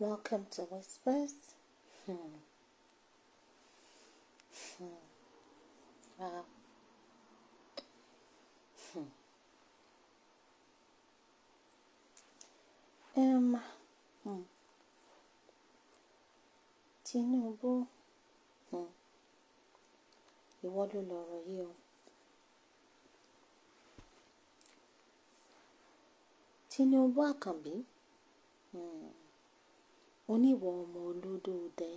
Welcome to Whispers. Hmm. Hmm. Wow. Hmm. Um. Hmm. Tinubu. Hmm. Ìwọ ló lọ̀rọ̀ yìí o. Tinubu Àkànbí. Hmm oníwà ọmọ olódódẹ.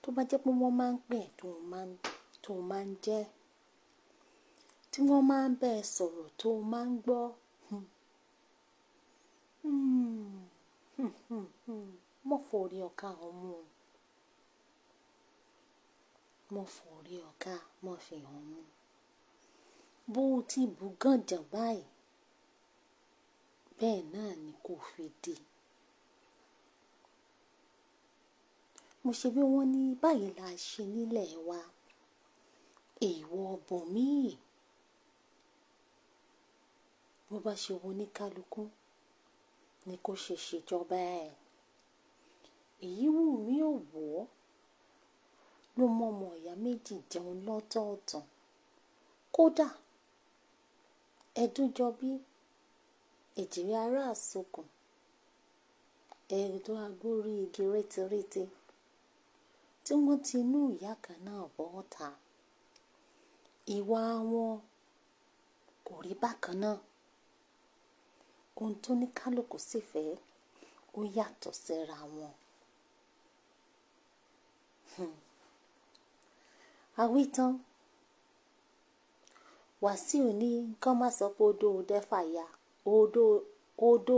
Tó bá jẹ́ pé wọ́n máa ń pè ẹ́ tó máa ń, tó máa ń jẹ́, tí wọ́n máa ń bá ẹ sọ̀rọ̀ tó máa ń gbọ́, mọ́ fòrí ọ̀ka ọ̀hun mú o. Mọ́ fòrí ọ̀ka, mọ́ fi ọ̀hun mú. Bó ti bù gànjàn báyìí, bẹ́ẹ̀ náà ni kò fi dì. Mo ṣe bí wọ́n ní báyìí la ṣe nílẹ̀ wa, èèwọ̀ bòmíì. Bó bá ṣe wu oníkálukú ni kó ṣe ṣèjọba ẹ̀. Èyí wù mí ò wọ̀ ọ́ ló mú ọmọ ìyá méjì jẹun lọ́tọ̀ọ̀tọ̀. Kódà ẹdun jọ ìjìyà ará àsokùn ẹ̀dùn agbórí igi rétérété tí wọ́n ti inú ìyá kan náà bọ́ ta ìwà wọn kò rí bákan náà ohun tó ní kálukú sì fẹ́ ó yàtọ̀ síra wọn. àwítán hmm. wàsíù ní nǹkan má sọ pé ó dóhùn dẹ́fà ya odó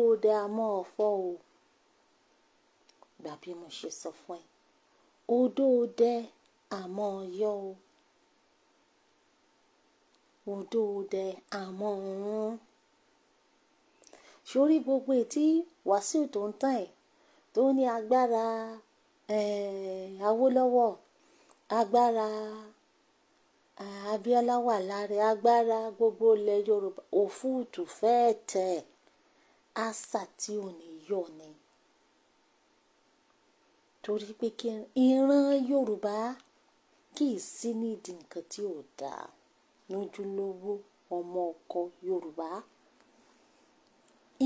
òde a mọ́ ọ fọ́ o gbà bí mo ṣe sọ fún ẹ odó òde a mọ́ ọ yọ o odó òde a mọ́ ọ rún sórí gbogbo ètí Wàsíù tó ń tàn ẹ́ tó ní agbára eh, Awólọ́wọ̀ agbára Abíọ́lá wà lára agbára gbogbo ilẹ̀ Yorùbá òfúùtù fẹ́ẹ̀ tẹ̀ àṣà tí ò ní yọ̀ ni torí pé kí ìran Yorùbá kì í sí nídìí nǹkan tí ò dáa lójúlówó ọmọ ọkọ Yorùbá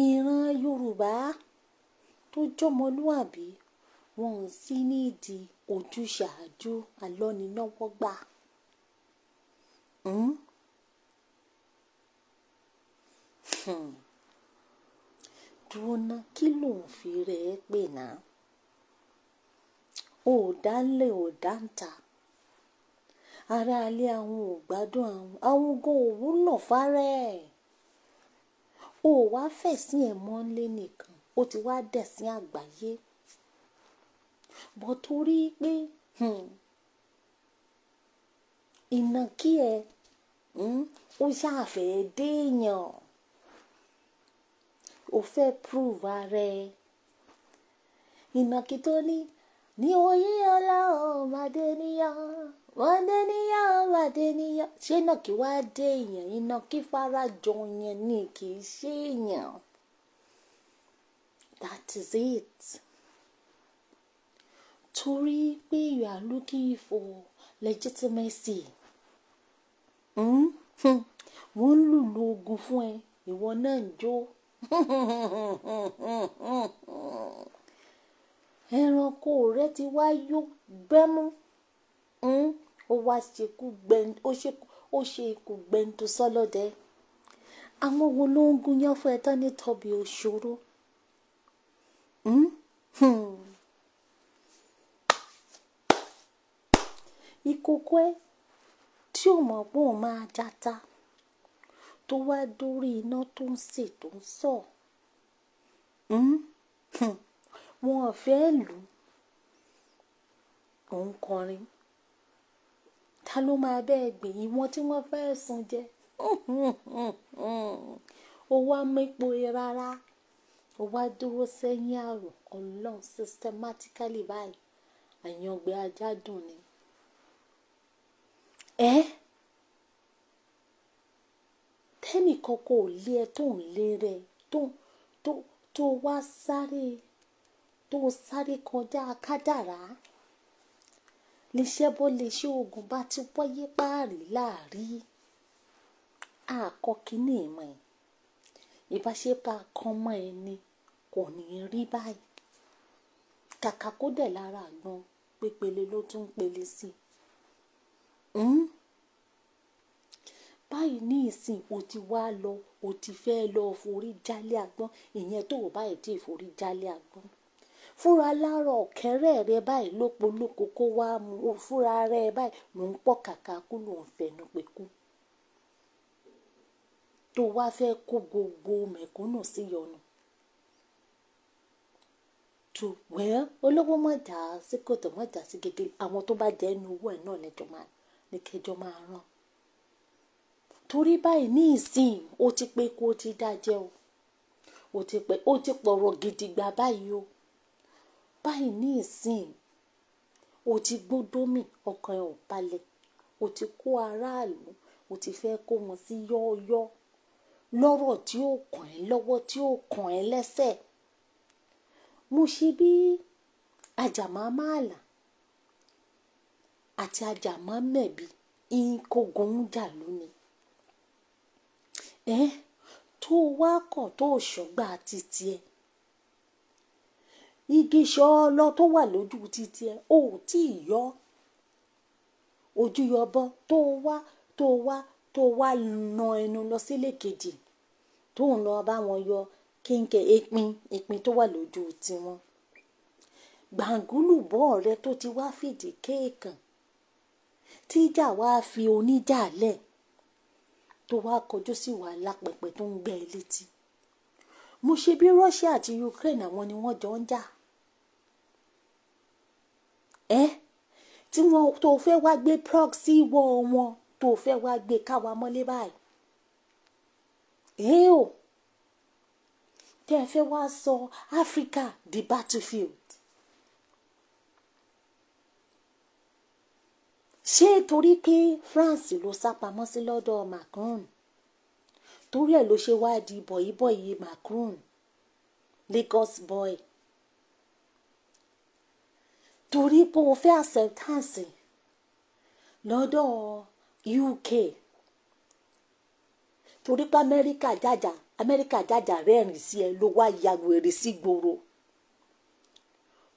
ìran Yorùbá tó jọmọlúàbí wọn ò sí nídìí ojúsàájú alọ́nilọ́wọ́gbà Hmm? Hmm. Dúró ná, kí ló ń fi rẹ̀ ẹ́ pè náà? O ò dá ńlẹ̀ ò dá ńta. Aráalé àwọn ò gbádùn àwọn, àwọn gan ò wúlò fárẹ́. O ò wá fẹ̀sìn ẹ̀ mọ́lé nìkan, o ti wá dẹ̀sìn àgbáyé. Bọ̀ torí pé hmm, ìnàkí ẹ Hmm? ó ṣàfẹ́ déèyàn ó fẹ́ prove ara ẹ ìnàkí tó ní ní oyè ọlá ọmọdé níyàn ọmọdé níyàn ọmọdé níyàn ṣé ìnàkí wá déèyàn ìnàkí farajọ yẹn ni kì í ṣe èèyàn that is it torí pé you are looking for legitimacy. Hmm? Hmm. wọ́n ń lùlù ogun fún ẹ ìwọ náà ń jó ẹranko rẹ ti wá yó gbẹ́mú hmm? ó wá ṣekú gbẹ̀ǹtò sọ́lọ́dẹ àwọn wo ló ń gúnyán fún ẹ tán ní tọ́bi òṣòro ìkòkò ẹ tí ò mọ̀ pé òun máa jata tó wá dórí iná tó ń sè tó ń sọ̀ hmm? wọn ò fẹ́ lù ú òun kọrin ta ló máa bẹ́ẹ̀ gbìn ìwọ̀n tí wọ́n fẹ́ sun jẹ ó wá mépo rárá ó wá dúró sẹ́yìn àrò ọlọ́run systematically báyìí àyàngbé ajá dùn ni ẹ́ tẹ́ni kankan ò lé ẹ tó ń lé rẹ tó tó tó wá sáré tó sáré kọjá kádàrá níṣẹ́ bó lè ṣe oògùn bá ti wáyé páàrí láàrí àkọ́ kínní ìmọ̀ ẹ̀ ìbáṣepọ̀ akọ́mọ ẹni kò ní rí báyìí kàkà kó dẹ̀ lára gan pépele ló tún pele sí i. Hm? báyìí ní ìsìn o ti wá lọ o ti fẹ́ lọ forí jálẹ̀ agbọ́n ìyẹn tó o báyìí tí forí jálẹ̀ agbọ́n fúnra lára ọ̀kẹ́rẹ́ rẹ báyìí lópolóko kó wá mu fúnra rẹ báyìí ló ń pọ̀ kàkà kú ló ń fẹnu pé kú tó wá fẹ́ kó gbogbo mẹ̀kúnnù sí yọnu tó wẹ́ẹ́ olówó mọ̀jà sí kòtò mọ̀jà sí gègé àwọn tó bá jẹ́ ẹnu owó ẹ̀ náà lẹ́jọ́ máa ní kẹjọ máa rán torí báyìí ní ìsìn ó ti pé kó o ti dájẹ́ o ó ti pé ó ti pọ̀rọ̀ gidigba báyìí o báyìí ní ìsìn o ti gbódó mì ọkàn ẹ̀ ò balẹ̀ o ti kó aráàlú o ti fẹ́ kó wọn sí yọ́ọ́yọ́ lọ́rọ̀ tí ó kàn ẹ́ lọ́wọ́ tí ó kàn ẹ́ lẹ́sẹ̀ mo ṣe bí àjàmámáàlà àti ajàmọ́mẹ̀bí ìkógun jà lónìí. ẹ tó wá kọ̀ tó ṣọ́gbà títí ẹ igi ṣọlọ tó wà lójú títí ẹ ò tí ì yọ ojú yọbọ tó wá tó wá tó wá na ẹnu lọ sílé kejì tó ń lọ bá wọn yọ kínkẹ ìpín ìpín tó wà lójú tiwọn gbàǹgùlù bọ́ọ̀ rẹ tó ti wá fìdí kéèkàn tíjà wá fi oníjà lẹ̀ tó wá kọjú sí wa lápẹ̀pẹ̀ tó ń gbẹ létí mo ṣe bí Russia àti Ukraine àwọn ni wọ́n jọ ń jà ẹ́ tí wọ́n tó fẹ́ wá gbé proxy wọ́ wọn tó fẹ́ wá gbé káwa mọ́lé báyìí ẹ́ o tẹ́ ẹ fẹ́ wá sọ Africa di battlefield ṣé torí pé France ló sá pamọ́ sí lọ́dọ̀ Macron torí ẹ̀ ló ṣe wá di bọ̀yìbọ̀yì Macron Lagos boy torí pé o fẹ́ acceptance lọ́dọ̀ UK torí pé Amẹ́ríkà jàjà Amẹ́ríkà jàjà rẹ́rìn sí ẹ ló wá ya wèrè sí gbòòrò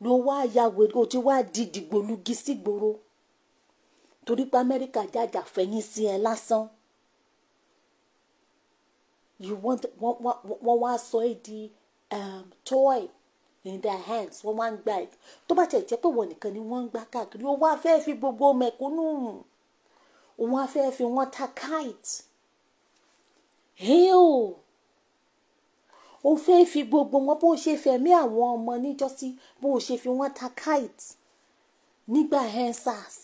ló wá ya wèrè o ti wá di dìgbòlugi sí gbòòrò. Si torí pé amẹ́ríkà jàjà fẹ̀yìn sí ẹ lásán you want wọ́n wá sọ ẹ́ di um, toy in their hands wọ́n wá ń gbà ẹ́ tó bá tẹ̀ jẹ́ pé wọ́n nìkan ni wọ́n ń gbá káàkiri ó wá fẹ́ fi gbogbo mẹ̀kúnnù òun á fẹ́ fi wọ́n ta kite hill ó fẹ́ fi gbogbo wọn bó ṣe fẹ̀mí àwọn ọmọ níjọ́sí bó ṣe fi wọ́n ta kite nígbà hensas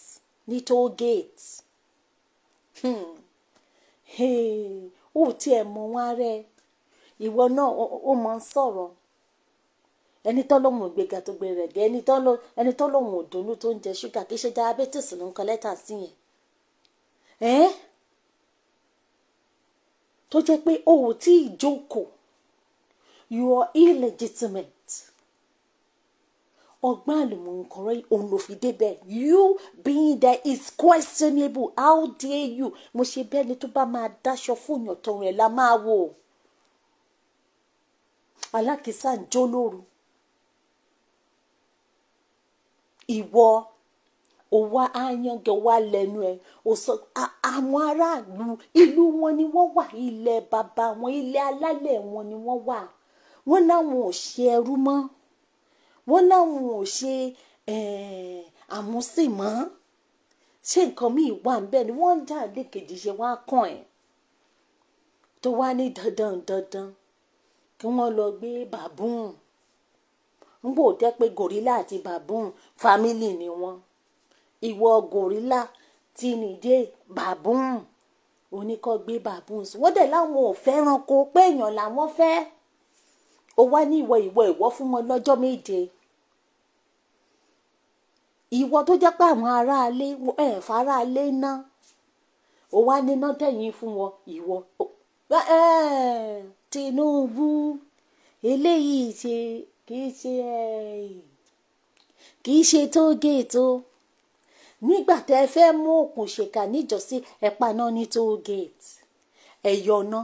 Little toll gate hmm. ó tiẹ̀ mọ̀ wọn ara ẹ ìwọ náà ó mọ̀ ń sọ̀rọ̀ ẹni tó lóun ò gbéga tó gbé rẹ̀ gẹ́ ẹni tó lóun ò dùnnú tó ń jẹ ṣúgà kì í ṣe diabetes ló ń kọ lẹ́tà sí yẹn ẹ́ tó jẹ́ pé o ò tí ì jókòó you are illegitimate ọgbọ́n àlùmọ̀ǹkọ́rọ́ òun ló fi débẹ̀ you being there is questionable how dare you mo ṣe bẹ́ẹ̀ ni tó bá máa dáṣọ fún èèyàn tọrùn ẹ̀ la máa wò alákìísà ń jó lóru ìwọ ó wá áyángẹ wá lẹ́nu ẹ̀ ó sọ àwọn aráàlú ìlú wọn ni wọ́n wà ilẹ̀ bàbá wọn ilẹ̀ alálẹ̀ wọn ni wọ́n wà wọ́n láwọn ò ṣe ẹrú mọ́ wọ́n láwọn ò ṣe àmúsìmọ́ ṣé nǹkan míì wà níbẹ̀ ni wọ́n ń dá àdékejì ṣe wá kàn ẹ́ tó wá ní dandan dandan kí wọ́n lọ gbé bàbún ń bò jẹ́ pé gòrílà àti bàbún fámílì ni wọ́n ìwọ gòrílà tí nìjẹ́ bàbún oníkọ́ gbé bàbún wọ́n dẹ̀ láwọn ò fẹ́ràn kó pé èèyàn làwọn fẹ́ ó wá ní ìwọ ìwọ ìwọ fún wọn lọ́jọ́ méje ìwọ tó jẹ́ pé àwọn aráalé ẹ̀ faraálé ná o wá níná tẹ̀yìn fún wọn ìwọ Tinubu eléyìí ṣe kì í ṣe kì í ṣe tó géètò nígbà tẹ́ ẹ fẹ́ mú òkun ṣèkà níjọ́sí ẹ paná ní tóo gate ẹ yọ̀nà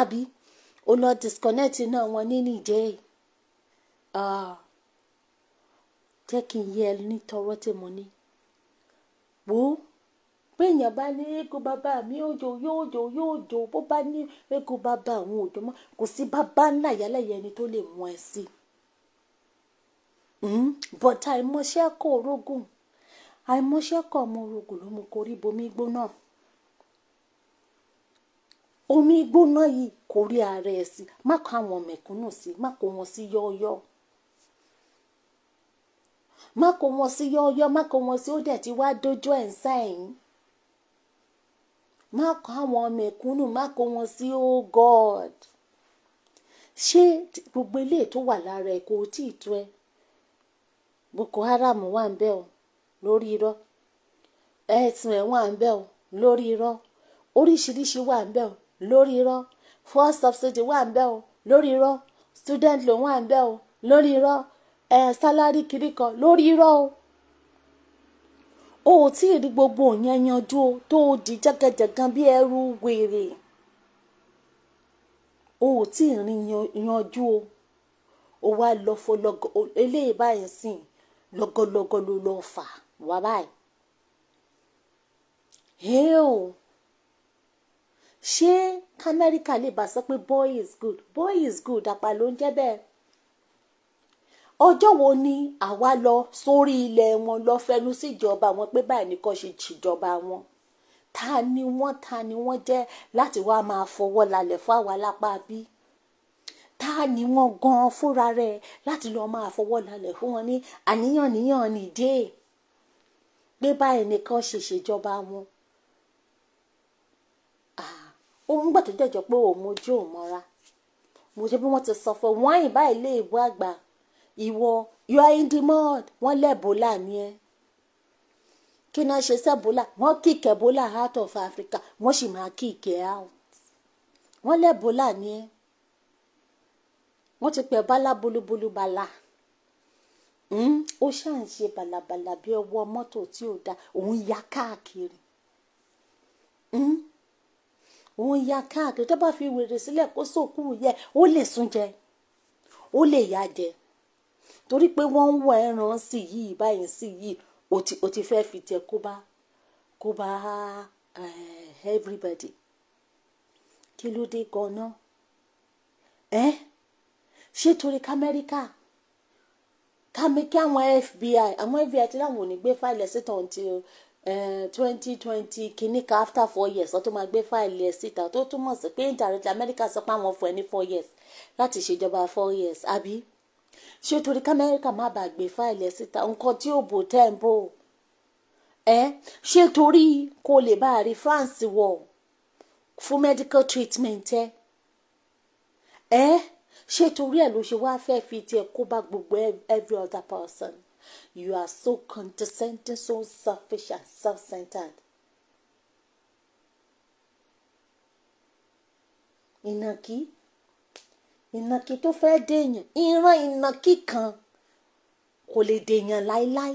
àbí ó lọ disconnect náà wọn ní nìjẹ́ yìí. Ah jẹ́ kí n yé ẹ ní tọrọ tí mo ní wò ó béèyàn bá ní eégún bàbá mi yóò jò yóò jò yóò jò bó bá ní eégún bàbá àwọn òjò mọ kò sí bàbá ńlá ìyálẹ̀yẹ ẹni tó lè mú ẹ sí bọ̀dá àìmọṣẹ́ kọ̀ orógùn àìmọṣẹ́ kọ̀ ọmọ orógùn ló mú korí bomi gbóná omi gbóná yìí kò rí ara ẹ̀ sí má kó àwọn mẹ̀kúnnù sí má kó wọn sí yọ́ọ́yọ́ọ́ má kó wọn sí yọ́ọ́yọ́ má kó wọn sí ó dẹ̀ ti wá dójú ẹ̀ ń sẹ́yìn má kó àwọn mẹ̀kúnnù má kó wọn sí ó oh God ṣé gbogbo ilé tó wà lára ẹ̀ kò tí ì tó ẹ Boko Haram wà ń bẹ o lórí irọ́ ẹ̀sùn ẹ̀ wà ń bẹ o lórí irọ́ oríṣiríṣi wà ń bẹ o lórí irọ́ fuel subsidy wà ń bẹ o lórí irọ́ student loan wà ń bẹ o lórí irọ́ ẹ sálárì kiri kan lórí irọ́ o o ò tí ì rí gbogbo yẹn yanjú o tó o di jẹ́gẹ́jẹ̀gan bí ẹrú wèrè o ò tí ì rí yanjú o o wá lọ fọ lọgọ eléyìí báyìí sìn lọgọlọgọ ló lọ fà wá báyìí hẹ́ẹ́ o ṣé k'Amẹ́ríkà lè bá sọ pé boy is good boy is good àpà ló ọjọ́ wo ni àwa lọ sórí ilẹ̀ wọn lọ fẹnu síjọba wọn pé báyìí ni kò ṣe ṣèjọba wọn ta ni wọ́n ta ni wọ́n jẹ́ láti wá máa fọwọ́ lálẹ̀ fún àwa lápá bí ta ni wọ́n gan fúnra rẹ̀ láti lọ máa fọwọ́ lálẹ̀ fún wọn ní àníyàn níyàn nìdé pé báyìí ni kò ṣe ṣèjọba wọn òun gbà tó pé òun mojú òun mọ́ra mo ṣe bí wọ́n ti sọ fún wọn ìbá ilé ìbú àgbà ìwọ you are in the mud wọ́n lẹ́bọ̀là ni ẹ́ kí náà ṣe sẹ́bọ̀là wọ́n kick Ebola out of Africa wọ́n sì máa kick ẹ̀ out wọ́n lẹ́bọ̀là ni ẹ́ wọ́n ti pẹ̀ bala bolúbolú bala hmm? ó ṣáà ń ṣe balabala bí ọwọ́ mọ́tò tí ò da òun ya káàkiri òun hmm? ya káàkiri tó bá fi wèrè sílẹ̀ kó sókú yẹ ó lè sún jẹ ó lè yá jẹ torí pé wọ́n ń wọ ẹran sí yìí báyìí sí yìí o ti o ti fẹ́ fi jẹ kó bá kó bá eh, everybody kí ló dé gan-an ẹ́ ṣé torí k'Amẹ́ríkà kàmí kí àwọn FBI àwọn FBI ti láwọn ò ní gbé fáìlì ẹ̀ síta until eh, twenty twenty kìíní kan after four years wọ́n tó máa gbé fáìlì ẹ̀ síta tó túmọ̀ sí pé internet America sọ pé àwọn fún ẹ ní four years láti ṣèjọba four years àbí ṣé torí k'Amẹ́ríkà má bàa gbé fáìlì ẹ̀ síta nǹkan tí ò bò tẹ́ ń bò ẹ́ ṣé torí kó lè bá a rí France wọ̀ fún medical treatment ẹ̀ ẹ́ ṣé torí ẹ̀ ló ṣe wá fẹ́ fi tiẹ̀ kó bá gbogbo every other person you are so condescending so selfish and self-centered. Inaki ìnàkí tó fẹ́ dèèyàn ìran ìnàkí kan kò lè dèèyàn láéláé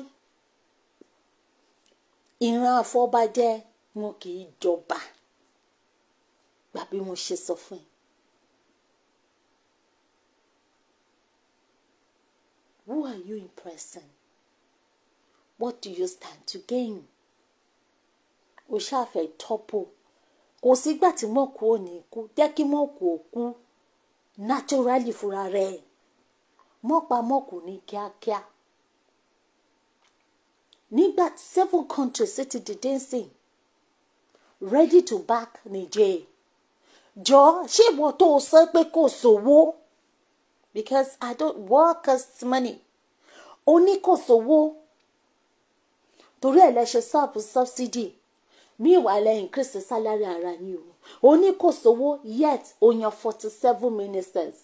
ìran àfọbàjẹ wọn kì í jọba gbà bí mo ṣe sọ fún ẹ. Who are you impressing? What do you stand to gain? o ṣáà fẹ́ tọ́pọ̀ kò sígbà tí mọ̀kú ò ní kú jẹ́ kí mọ̀kú ò kú naturally fúnra rẹ̀ mọ́pamọ́kù ní kíákíá nígbà seven countries ti dìde sí ready to back Niger jọ ṣé ìwọ tó o sọ pé kò sówó because I don't work as money ó ní kò sówó torí ẹ̀ lẹ́ ṣe sub subsidy meanwhile ẹ̀ increase salary ara yín o ó ní kò sówó yet ó forty seven ministers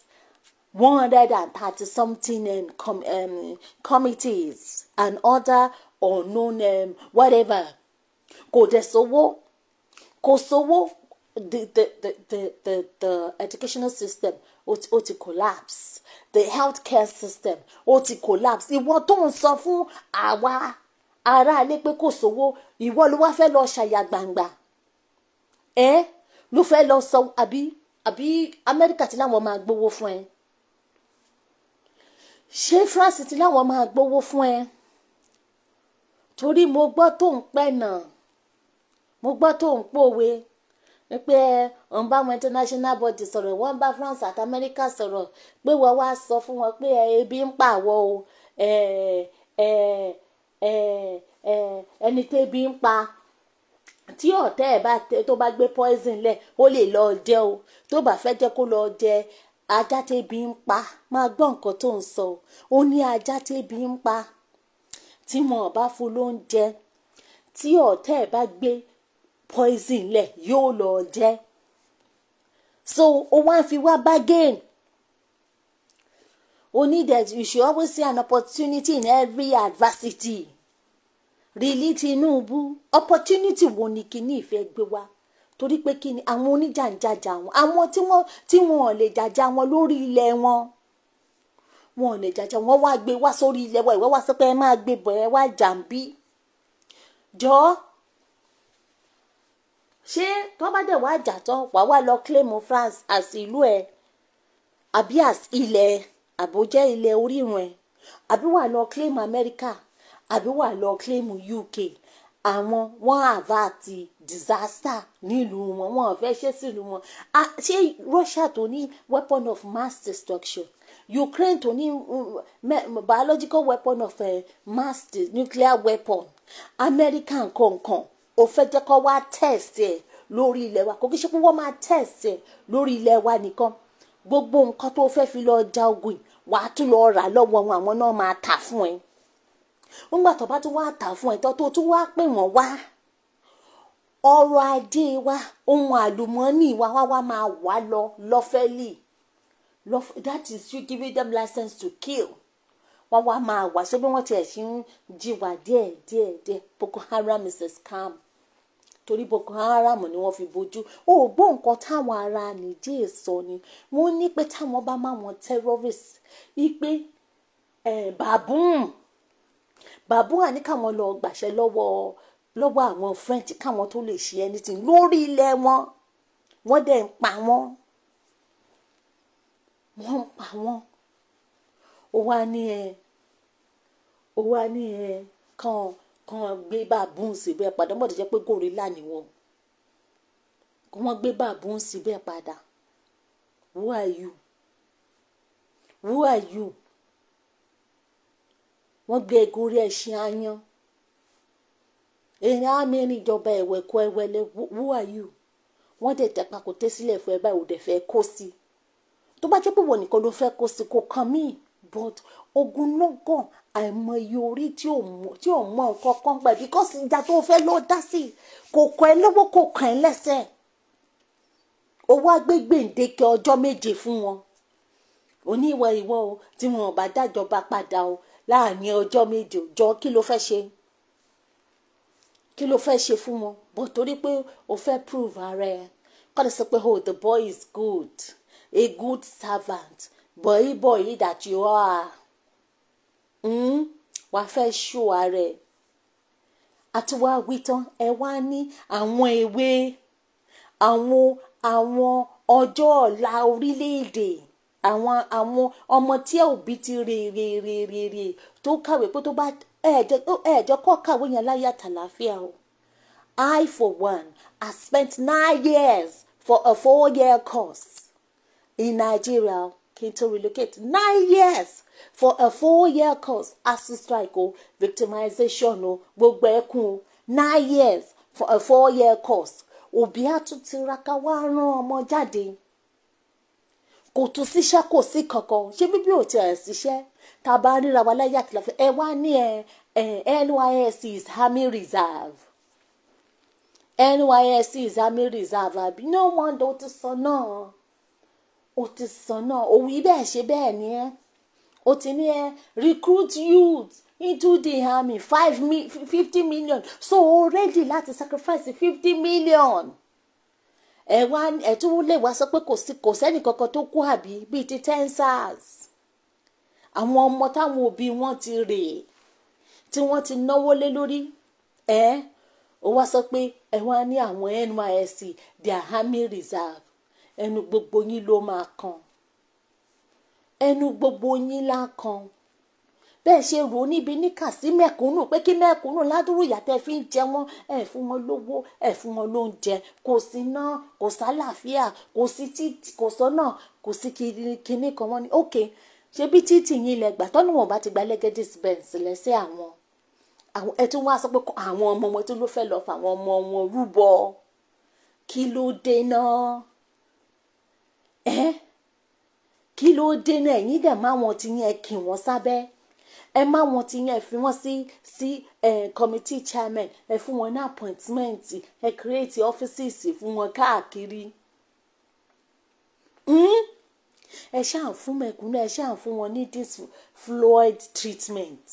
one hundred and thirty something um, com um, committees and other unknown um, whatever kò dẹ̀ sówó kò sówó the the the the the, the educational system ó ti collapse the healthcare system ó ti collapse ìwọ tó ń sọ fún àwa aráalé pé kò sówó ìwọ ló wá fẹ́ lọ ṣàyà gbangba ẹ. Eh? ló fẹ́ lọ sọ àbí àbí amẹ́ríkà ti láwọn máa gbowó fún ẹ ṣé france ti láwọn máa gbowó fún ẹ torí mo gbọ́ tó ń pẹ́ náà mo gbọ́ tó ń pòwe pé òun bá àwọn international body sọ̀rọ̀ wọ́n bá france àti amẹ́ríkà sọ̀rọ̀ pé wọ́n wá sọ fún wọn pé ebi ń pa àwọ̀ o ẹni tó ebi ń pa tí ọ̀tá ẹ̀ bá tó bá gbé poison lẹ̀ ó lè lọ jẹ o tó bá fẹ́ jẹ́ kó lọ jẹ ajá tẹ́bi ń pa máa gbọ́ nǹkan tó ń sọ ó ní ajá tẹ́bi ń pa tí wọn ò bá fún lóúnjẹ tí ọ̀tá ẹ̀ bá gbé poison lẹ̀ yóò lọ jẹ so ó wá ń fi wá bargain ó ní that you should always see an opportunity in every adversity rìlí Tinubu opportunity wo ni kíní ìfẹ́ gbé wá torí pé kíni àwọn oníjàǹjàjà wọn àwọn tí wọn tí wọn ò lè jàjà wọn lórí ilẹ̀ wọn wọn ò lè jàjà wọn wá gbé wá sórí ilẹ̀ wa ìwọ wá sọ pé ẹ máa gbé bọ̀ ẹ wá jàǹbí jọ ṣé tó bá dẹ̀ wá jà tán wàá wá lọ claim France as ìlú ẹ àbí as ilẹ̀ àbójẹ́ ilẹ̀ orírun ẹ àbí wàá lọ claim America àbí wà lọ claim UK àwọn wọn avert disaster nílùú wọn wọn fẹ́ ṣe sílùú wọn ṣé Russia tó ní weapon of mass destruction Ukraine tó ní mm, mm, biological weapon of uh, mass nuclear weapon America nkankan ò fẹ́ jẹ́ kó wá test ẹ̀ lórí ilẹ̀ wa kò kí ṣe pé wọ́n máa test ẹ̀ lórí ilẹ̀ wa nìkan gbogbo nǹkan tó fẹ́ fi lọ ja ogun wàá tún lọ rà lọ́wọ́ àwọn náà máa tà fún ẹ nígbà tó bá tún wá tà fún ẹ̀tọ́ tó tún wá pè wọ́n wá ọrọ̀ ajé wa ohun àlùmọ́ọ́nì wa wá wá máa wá lọ lọ́fẹ́lì that is you giving them license to kill wọ́n wá máa wá ṣé bí wọ́n tiẹ̀ ṣe ń jí wa díẹ̀ díẹ̀ díẹ̀ Boko Haram is a scam torí Boko Haram ni wọ́n fi bójú ó gbọ́ nǹkan táwọn ará Nìjẹ̀ sọ ni wọ́n ní pé táwọn bá máa wọn terrorist ipe eh, ẹ̀ bàbùn bàbúrà ní káwọn lọ gbàṣẹ lọ́wọ́ lọ́wọ́ àwọn french káwọn tó lè ṣe anything lórí ilẹ̀ wọn wọ́n dẹ̀ ń pa wọ́n wọ́n ń pa wọ́n ó wá ní ẹ ó wá ní ẹ kàn kàn gbé bàbún síbẹ̀ padà wọ́n bọ̀ jẹ́ pé gòrílà ni wọ́n wọ́n gbé bàbún síbẹ̀ padà who are you who are you wọ́n gbé egun orí ẹṣin ayan èèyàn àmì ìjọba ẹ̀wẹ̀ kọ ẹ̀wẹ̀lẹ̀ who are you wọ́n dẹ̀ tẹ̀pa kò tẹ́ sílẹ̀ fún ẹ báyìí ò dẹ̀ fẹ́ kó sí i tó bá jẹ́ pé wọ́n nìkan ló fẹ́ kó sí kò kàn mí but ogun lọ́gàn àìmọye orí tí ò mọ nǹkan kan gbà because ìjà tó fẹ́ ló dá sí i kò kàn ẹ́ lọ́wọ́ kò kàn ẹ́ lẹ́sẹ̀ ó wá gbé gbèǹdéke ọjọ́ méje fún wọn oníwọ̀ ìwọ o tí wọn ò bá dájọba padà o láàrin ọjọ́ méje òjọ́ kí ló fẹ́ ṣe kí ló fẹ́ ṣe fún wọn bọ̀ torí pé o fẹ́ prove ara ẹ kọ́ni sọ pé oh the boy is good a good servant boy boy that you are mm? wà á fẹ́ ṣó ara ẹ àti wá wí tán ẹ wá ní àwọn ewé àwọn àwọn ọjọ́ ọ̀la orílẹ̀-èdè àwọn àwọn ọmọ tí òbí ti rè rè rè rè rè tó kàwé pé tó bá ẹ̀ẹ́dẹ́ kọ́ kàwé yẹn láyé àtàlàáfíà o. I for one I spent nine years for a four-year course in Nigeria kí n tó relocate nine years for a four-year course acid strike o victimization o gbogbo ẹkún o nine years for a four-year course òbí àtúntì raka wá rán ọmọ jáde kò tún síṣẹ́ kò sí kankan ṣé bíbí ò tiẹ̀ síṣẹ́ tá a bá ríra wa láyé àti láfẹ́ ẹ wá ní ẹ NYSC is army reserve NYSC is army reserve àbí no wonder ó ti sọ náà ó ti sọ náà òwú bẹ́ẹ̀ ṣe bẹ́ẹ̀ ni ẹ́ ó ti ní ẹ́ recruit youth into the army five mi fifty million so ó ready láti sacrifice fifty million ẹ wá ẹ tún lè wá sọ pé kò sí kò sẹ́nì kankan tó kú àbí bíi ti tensars àwọn ọmọ táwọn òbí wọn ti rè é tí wọ́n ti náwó lé lórí ẹ ó wá sọ pé ẹ wá ní àwọn NYSC their army reserve ẹnu gbogbo yín ló máa kan ẹnu gbogbo yín lá kan bẹ́ẹ̀ ṣe rò níbi níkà sí mẹ̀kúnnù pé kí mẹ̀kúnnù ládùúrú ìyàtẹ̀ fi ń jẹ wọ́n ẹ̀ fún wọn lówó ẹ̀ fún wọn lóúnjẹ kò sí náà kò sálàáfíà kò sí títì kò sọ́nà kò sí kinní kan wọ́n ní ok ṣé bí títì yín lẹ gbà tọ́nu wọn bá ti gba lẹ́gẹ́dì bẹ́ǹsì lẹ sí àwọn ẹ tún wá sọ pé àwọn ọmọ wọn tó ló fẹ́ lọ fà àwọn ọmọ wọn rúbọ kí ló dé náà ẹ kí ló dé náà ẹ̀yin dẹ̀ máa wọn ti yẹn kì wọ́n sábẹ́ ẹ má wọn ti yẹn ẹ fi wọn sí sí committee chairman ẹ fún wọn ní appointment ẹ create offices fún wọn káàkiri hmm? ẹ ṣáà fún mẹ̀kúnnù ẹ ṣáà fún wọn ní this fluid treatment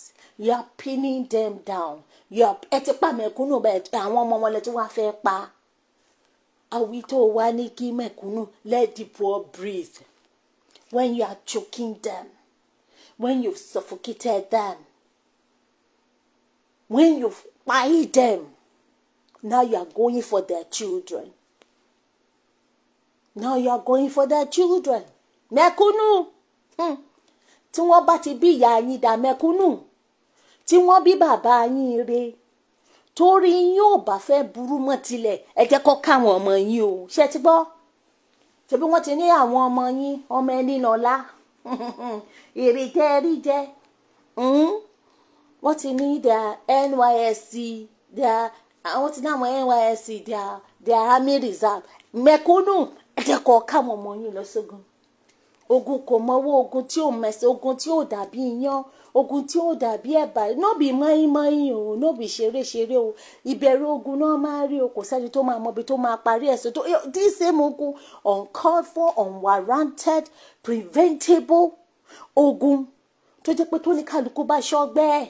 you are pinning them down you are ẹ ti pa mẹ̀kúnnù bẹ́ẹ̀ àwọn ọmọ wọn lẹ tí wọ́n fẹ́ pa àwí tó wá ní kí mẹ̀kúnnù let the poor breathe when you are choking them when you've suffocated them, when you've buy them. Now you are going for their children. Now you are going for their children. Mẹ̀kúnnù hmm. tí wọ́n bá ti bí ìyá yín dá mẹ̀kúnnù tí wọ́n bí bàbá yín re torí yín ò bá fẹ́ burú mọ́ tilẹ̀ ẹ jẹ́ kó káwọn ọmọ yín o ṣé ti gbọ́ ṣebí wọ́n ti ní àwọn ọmọ yín ọmọ ẹni lọ́la iriterite hmm? wọ́n ti ní their NYSC their NYSC their their army reserve ogun kò mọ́wọ́ ogun tí ò mẹ̀sẹ̀ ogun tí ò dàbí iyán ogun tí ó dàbí ẹ̀bà náà bí mọ́ínmọ́ín o náà bí ṣeré o ìbẹ̀rù ogun náà máa rí o kò sẹ́ni tó máa mọbi tó máa parí ẹ̀sùn tó eh, this same ogun uncalled for unwarranted preventable ogun tó jẹ́ pé tó ní kálukú bá ṣọ́gbẹ́ ẹ̀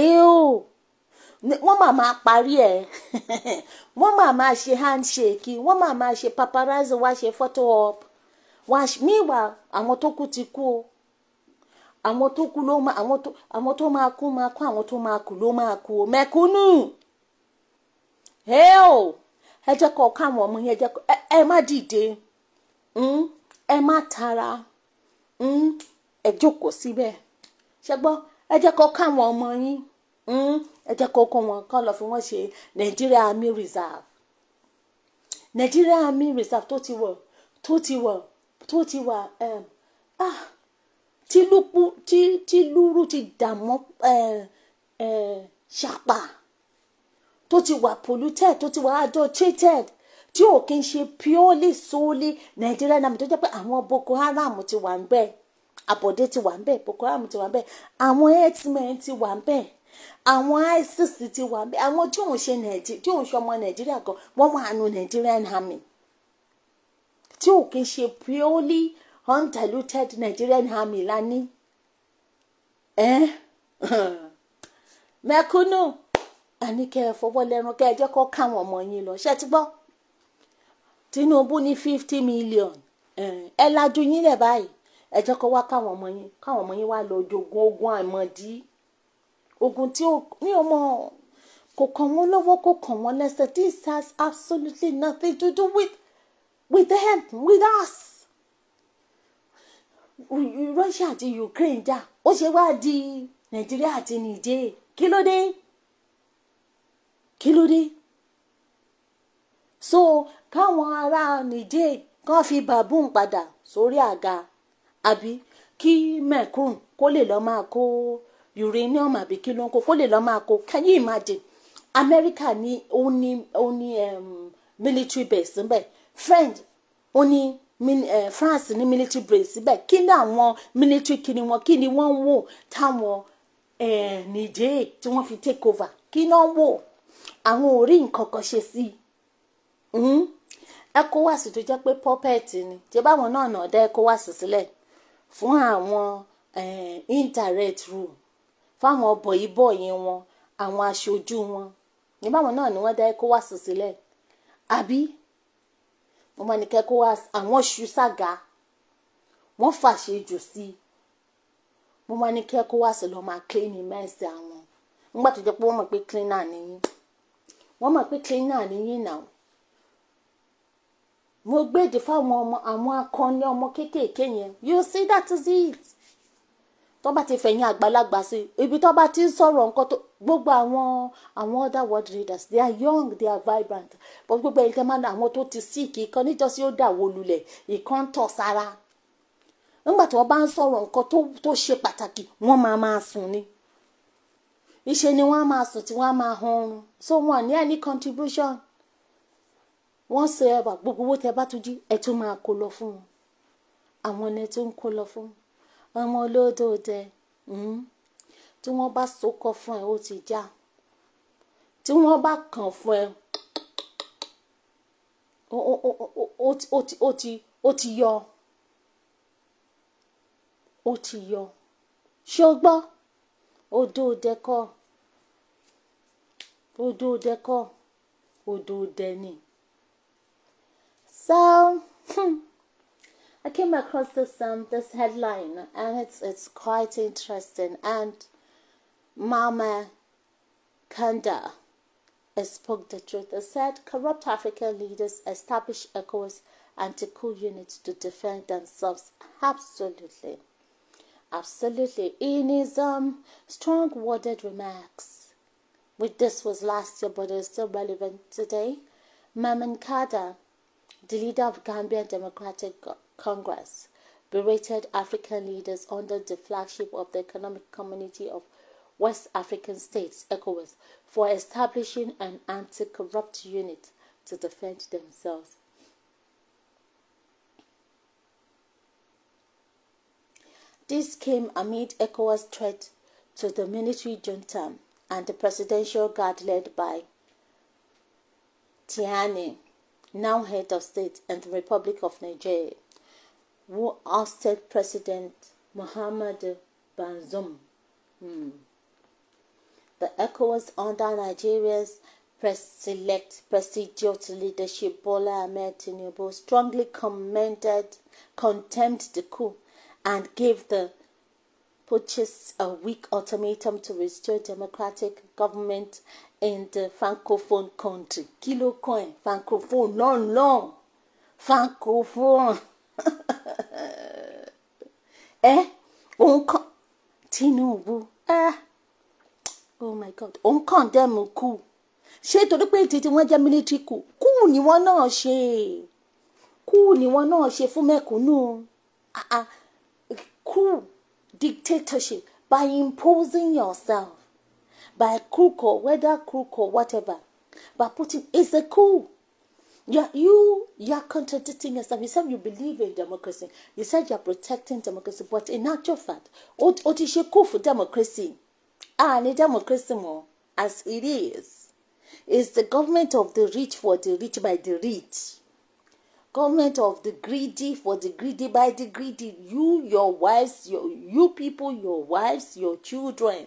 èé o wọ́n máa máa parí ẹ̀ wọ́n máa máa ṣe handshake wọ́n máa máa ṣe paparazzi wá ṣe photo op wá meanwhile àwọn tó kù ti kú o àwọn tó kú ló máa àwọn tó àwọn tó máa kú máa kú àwọn tó máa kú ló máa kú mẹ̀kúnnù hẹ́ọ̀ ẹ jẹ́ kọ́ káwọn ọmọ yẹn jẹ́ kọ́ ẹ má dìde hmm? ẹ má tara hmm? ẹ jókòó síbẹ̀ ṣẹ́gbọ́n ẹ jẹ́ kọ́ káwọn ọmọ yín hmm? ẹ jẹ́ kọ́ kó wọn kọ́ lọ fi wọ́n ṣe Nigeria Army Reserve Nigeria Army Reserve tó ti wọ̀ tó ti wọ̀ tó ti wà um, ah tí lúpù tí tí lúrú ti dààmú ẹ ẹ ṣàpà tó ti wà polluted tó ti wà adulterated tí ò kí n ṣe purely solely Nigeria army tó jẹ́ pé àwọn Boko Haram ti wà ń bẹ̀ àbọ̀dé ti wà ń bẹ̀ Boko Haram ti wà ń bẹ̀ àwọn herdsmen ti wà ń bẹ̀ àwọn ISIS ti wà ń bẹ̀ àwọn tí òun ṣe Nàìjíríà tí òun ṣe ọmọ Nàìjíríà gan wọ́n wà nù Nigerian army tí ò kí n ṣe purely undiluted Nigerian army la ní mẹ̀kúnnù àní kẹ́ ẹ fọwọ́ lẹ́run kẹ́ ẹ jẹ́ kó káwọn ọmọ yín lọ ṣe ti gbọ́ Tinubu ní fifty million eh, ẹ lajú yín lẹ̀ báyìí ẹ jẹ́ kó wá káwọn ọmọ yín káwọn ọmọ yín wá lọ jogun ogun àìmọ̀dí ogun tí ní ọmọ kò kàn wọ́n lọ́wọ́ kò kàn wọ́n lẹ́sẹ̀ this has absolutely nothing to do with with them with us. Russia àti Ukraine jà ó ṣe wá di Nàìjíríà àti Niger kí ló dé kí ló dé so káwọn ará Niger kàn fi bàbùn padà sórí àga àbí kí mẹ̀kún kó lè lọ́ọ́ máa kó uranium àbí kí ló ń kó kó lè lọ́ọ́ máa kó can you imagine America ní ó ní ó ní um, military base ńbẹ̀ French ó ní Eh, France ní military brain síbẹ̀ kí ni àwọn military kí ni wọ́n kí ni wọ́n ń wò táwọn eh, Niger tí wọ́n fi take over kí ni wọ́n wò àwọn ò rí nǹkan kan ṣe sí i hmm? ECOWAS tó jẹ́ pé puppet ni jẹ́ báwọn náà náà dá ECOWAS sílẹ̀ fún àwọn eh, indirect rule fáwọn bọ̀yìbọ̀yì wọn àwọn aṣojú wọn ní báwọn náà ni wọ́n dá ECOWAS sílẹ̀ àbí wọ́n máa ní kẹ́kọ̀ọ́ wá àwọn ṣu sága wọ́n fàṣẹ jù sí wọ́n máa ní kẹ́kọ̀ọ́ wá sí lọ́ máa clean mẹ́sì àwọn nígbà tó jẹ́ pé wọ́n mọ̀ pé cleaner nìyí wọ́n mọ̀ pé cleaner náà mo gbèdè fáwọn ọmọ àwọn akọni ọmọ kéékèèké it tó bá ti fẹ̀yìn àgbàlagbà sí ibi tó bá ti ń sọ̀rọ̀ nǹkan tó gbogbo àwọn àwọn other world leaders they are young they are vibrant but gbogbo ẹ̀yin tẹ́ máa ń àwọn tó ti sick ìkan níjọ́sí ó dàwó lulẹ̀ ìkan ń tọ̀ sára nígbà tí wọ́n bá ń sọ̀rọ̀ nǹkan tó ṣe pàtàkì wọ́n máa máa sùn ni ìṣe ni wọ́n á máa sùn tí wọ́n á máa han so wọn ní any contribution wọ́n ṣe ẹ̀bà gbogbo owó tẹ́ bá tún jí ẹ̀ tún máa kó lọ fún wọn àwọn ẹni tó ń kó lọ fún wọn ọmọ olódò dẹ tí wọ́n bá sokọ fún ẹ ó ti já tí wọ́n bá kàn fún ẹ ó ti yọ ó ti yọ ṣé o gbọ́ odò dẹkọ odò dẹkọ odò dẹni. So, hmm. I came across this um, this headline and it's it's quite interesting and Mama Kanda spoke the truth. It said corrupt African leaders establish course anti-coup units to defend themselves. Absolutely. Absolutely. In his um, strong worded remarks, which this was last year but it's still relevant today, Maman Kanda, the leader of Gambia Democratic Congress berated African leaders under the flagship of the Economic Community of West African States, ECOWAS, for establishing an anti corrupt unit to defend themselves. This came amid ECOWAS' threat to the military junta and the presidential guard led by Tiani, now head of state and the Republic of Nigeria. Who ousted President Muhammad Bazoum. Hmm. The ECOWAS under Nigeria's Select prestigious leadership Bola Ahmed Tinubu strongly commended, condemned the coup and gave the purchase a weak ultimatum to restore democratic government in the francophone country. Kilo coin, francophone, non long, francophone. ẹ eh? òun kàn Tinubu ẹ eh? oh my god òun kàn dẹ́mu kù ṣé torí pé títí wọ́n jẹ́ military kù kù ni wọ́n náà ṣe kù ni wọ́n náà ṣe fún mẹ̀kúnnù ah, ah. kù dictatorship by imposing yourself by crook or whether crook or whatever by putting it's a coup. you you are contradicting yourself. You said you believe in democracy. You said you are protecting democracy, but in actual fact, what is your call for democracy. Ah, the democracy as it is. is the government of the rich for the rich by the rich. Government of the greedy for the greedy by the greedy. You, your wives, your you people, your wives, your children.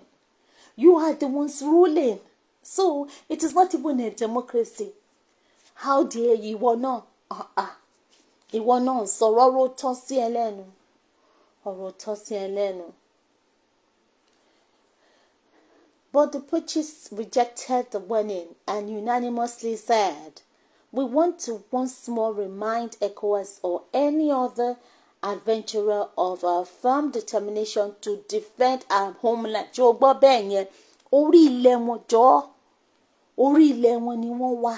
You are the ones ruling. So it is not even a democracy. how dare ìwọ náà ìwọ náà sọ̀rọ̀ ọ̀rọ̀ tọ́ sí ẹ lẹ́nu ọ̀rọ̀ tọ́ sí ẹ lẹ́nu. But the priests rejected the warning and unanimously said, We want to once more remind ECOWAS or any other adventurer of our firm determination to defend our homeland. Jọ̀ọ́ gbọ́ bẹ́ẹ̀ yẹn, orí ilẹ̀ wọn jọ̀ọ́, orí ilẹ̀ wọn ni wọ́n wà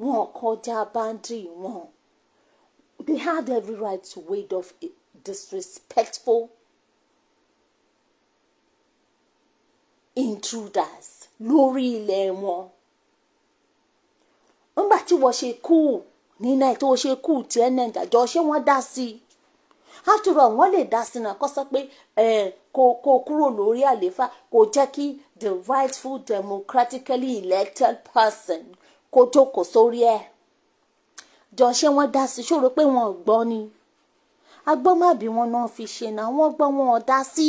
wọn kọjá boundary wọn they had every right to ward off a disrespectful intruders lórí ilẹ̀ wọn nígbà tí wọ́n ṣe cool ní náà tó ṣe cool tí ẹ̀ náà jọ ṣé wọ́n dá sí i after all wọ́n lè dá sí náà kó sọ pé kó kúrò lórí àlééfà kó jẹ́ kí the rightful democratically elected person kó jókòó sórí ẹ̀ jọ ṣé wọ́n dá sí ṣòro pé wọn ò gbọ́ ni agbọ́mọ̀bí wọn náà fi ṣe náà wọ́n gbọ́ wọn dá sí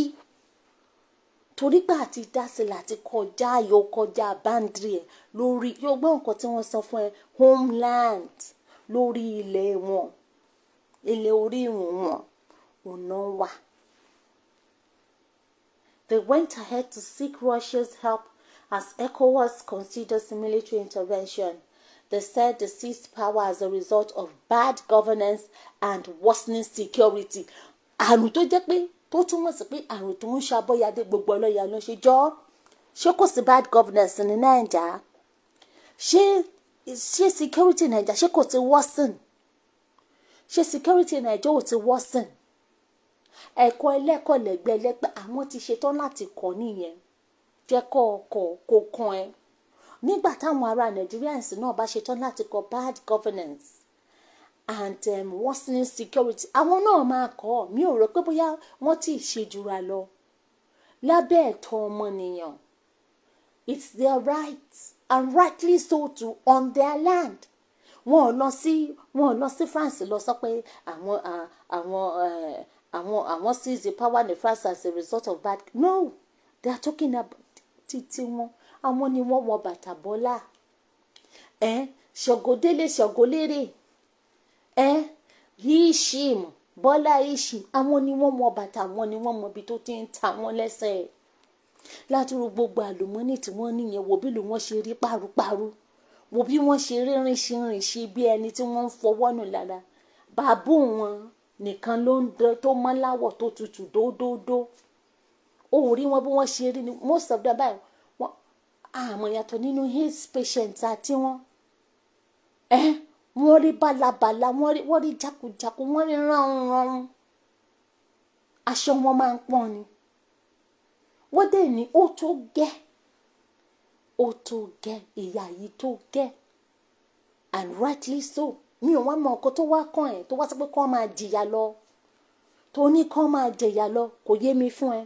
torí pé àti dá sí láti kọjá yóò kọjá báńdìrì ẹ̀ lórí yóò gbọ́ nǹkan tí wọ́n sọ fún ẹ homeland lórí ilẹ̀ wọn ilẹ̀ orí ìrùn wọn ọ̀nà wà. They went ahead to seek Russia's help as ECOWAS considers military intervention. They said the seized power as a result of bad governance and worsening security. Àrùn tó jẹ́ pé tó túmọ̀ sí pé àrùn tó ń ṣàbọ̀yàdé gbogbo ọlọ́yà ló ṣe jọ́. Ṣé kò sí bad governance ní Nàìjà? Ṣé ṣé security Nàìjà ṣé kò ti worsen? Ṣé security Nàìjà ò ti worsen? Ẹ̀kọ́ ẹlẹ́kọ̀ọ́ lẹ́gbẹ̀ẹ́lẹ́gbẹ̀ẹ́ àwọn ti ṣetán láti kọ́ nìyẹn jẹ́ kọ́ ọkọ̀ kó kan ẹ nígbà táwọn ará Nigerians náà bá ṣetán láti kọ bad governance and um, worsening security àwọn náà máa kọ́ ọ mi ò rò pé bóyá wọ́n ti ṣe jura lọ lábẹ́ ẹ̀tọ́ ọmọnìyàn it's their right and rightly so to on their land wọn ò lọ sí wọn ò lọ sí France lọ sọ pé àwọn uh, àwọn uh, àwọn àwọn seize the power in France as a result of bad no they are talking about títí wọn àwọn ni wọ́n wọ bàtà bọ́lá ẹ̀ ṣọ̀gọ́délé ṣọ̀gọ́lérè ẹ̀ yíṣìm bọ́lá yíṣìm àwọn ni wọ́n wọ bàtà wọn ni wọ́n mọ ibi tó ti ń ta wọn lẹ́sẹ̀ látúrú gbogbo àlùmọ́nì tí wọ́n níyẹn wo bí ló wọ́n ṣe rí paruparu wo bí wọ́n ṣe rí rìnṣìnrìn ṣe bí ẹni tí wọ́n ń fọwọ́ nù lára bàbá wọn nìkan ló ń dán tó mọ́ láwọ̀ tó tutù dódódó o wọn bí wọ́n ṣe rí ni most of them báyìí wọ́n àmọ́ yàtọ̀ nínú his patient àti wọn ẹ wọ́n rí bálabàla wọ́n rí jákujáku wọ́n rí ránranrun aṣọ wọn máa ń pọ́n ni wọ́n dẹ̀ ní ó tó gẹ́ ó tó gẹ́ ìyá yìí tó gẹ́ and rightly so mi ò wá mọ ọkọ tó wá kàn ẹ tó wá sọ pé kàn máa jìyà lọ tó ní kàn máa jìyà lọ kò yé mi fún ẹ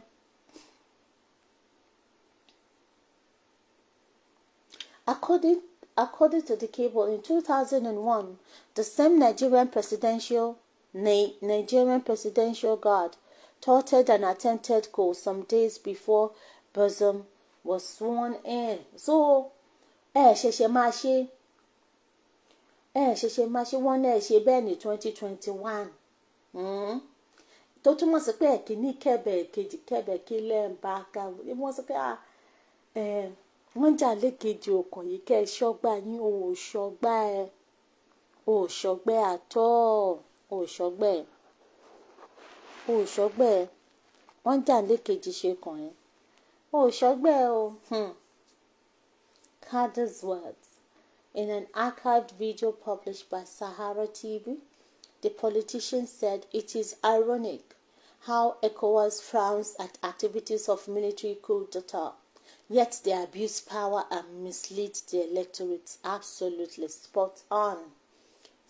According, according to the cable, in 2001, the same Nigerian presidential Nigerian presidential guard thwarted an attempted coup some days before Bazoum was sworn in. So, ẹ ṣẹ̀ṣẹ̀ máa ṣe ẹ ṣẹ̀ṣẹ̀ máa ṣe wọ́n náà ṣe bẹ́ẹ̀ ní 2021 hmm? tó túmọ̀ sí pé ẹ̀kíní kẹ̀bẹ̀ kejì kẹ̀bẹ̀ kí lẹ́ẹ̀ bá ká wọ́n sọ pé ah, wọ́n jà lékejì ọkọ̀ yìí kẹ́ ẹ ṣọ́gbà yín o ò ṣọ́gbà ẹ o ò ṣọ́gbà àtọ́ o ò ṣọ́gbà ẹ o ò ṣọ́gbà ẹ wọ́n jà lékejì ṣe kàn ẹ́ o ò ṣọ́gbà ẹ o. Hmm. Carter's words in an archived video published by Sahara TV, the politician said it is ironic how ECOWAS frowns at activities of military coup d'etat Yet they abuse power and mislead the electorate. Absolutely spot on.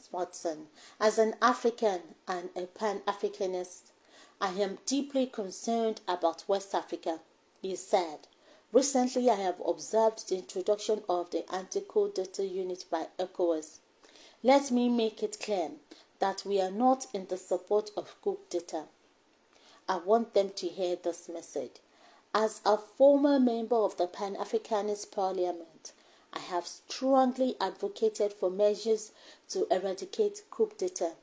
Spot on. As an African and a pan Africanist, I am deeply concerned about West Africa, he said. Recently, I have observed the introduction of the Anti-Code Data Unit by ECOWAS. Let me make it clear that we are not in the support of code data. I want them to hear this message. As a former member of the Pan Africanist Parliament, I have strongly advocated for measures to eradicate coup d'etat.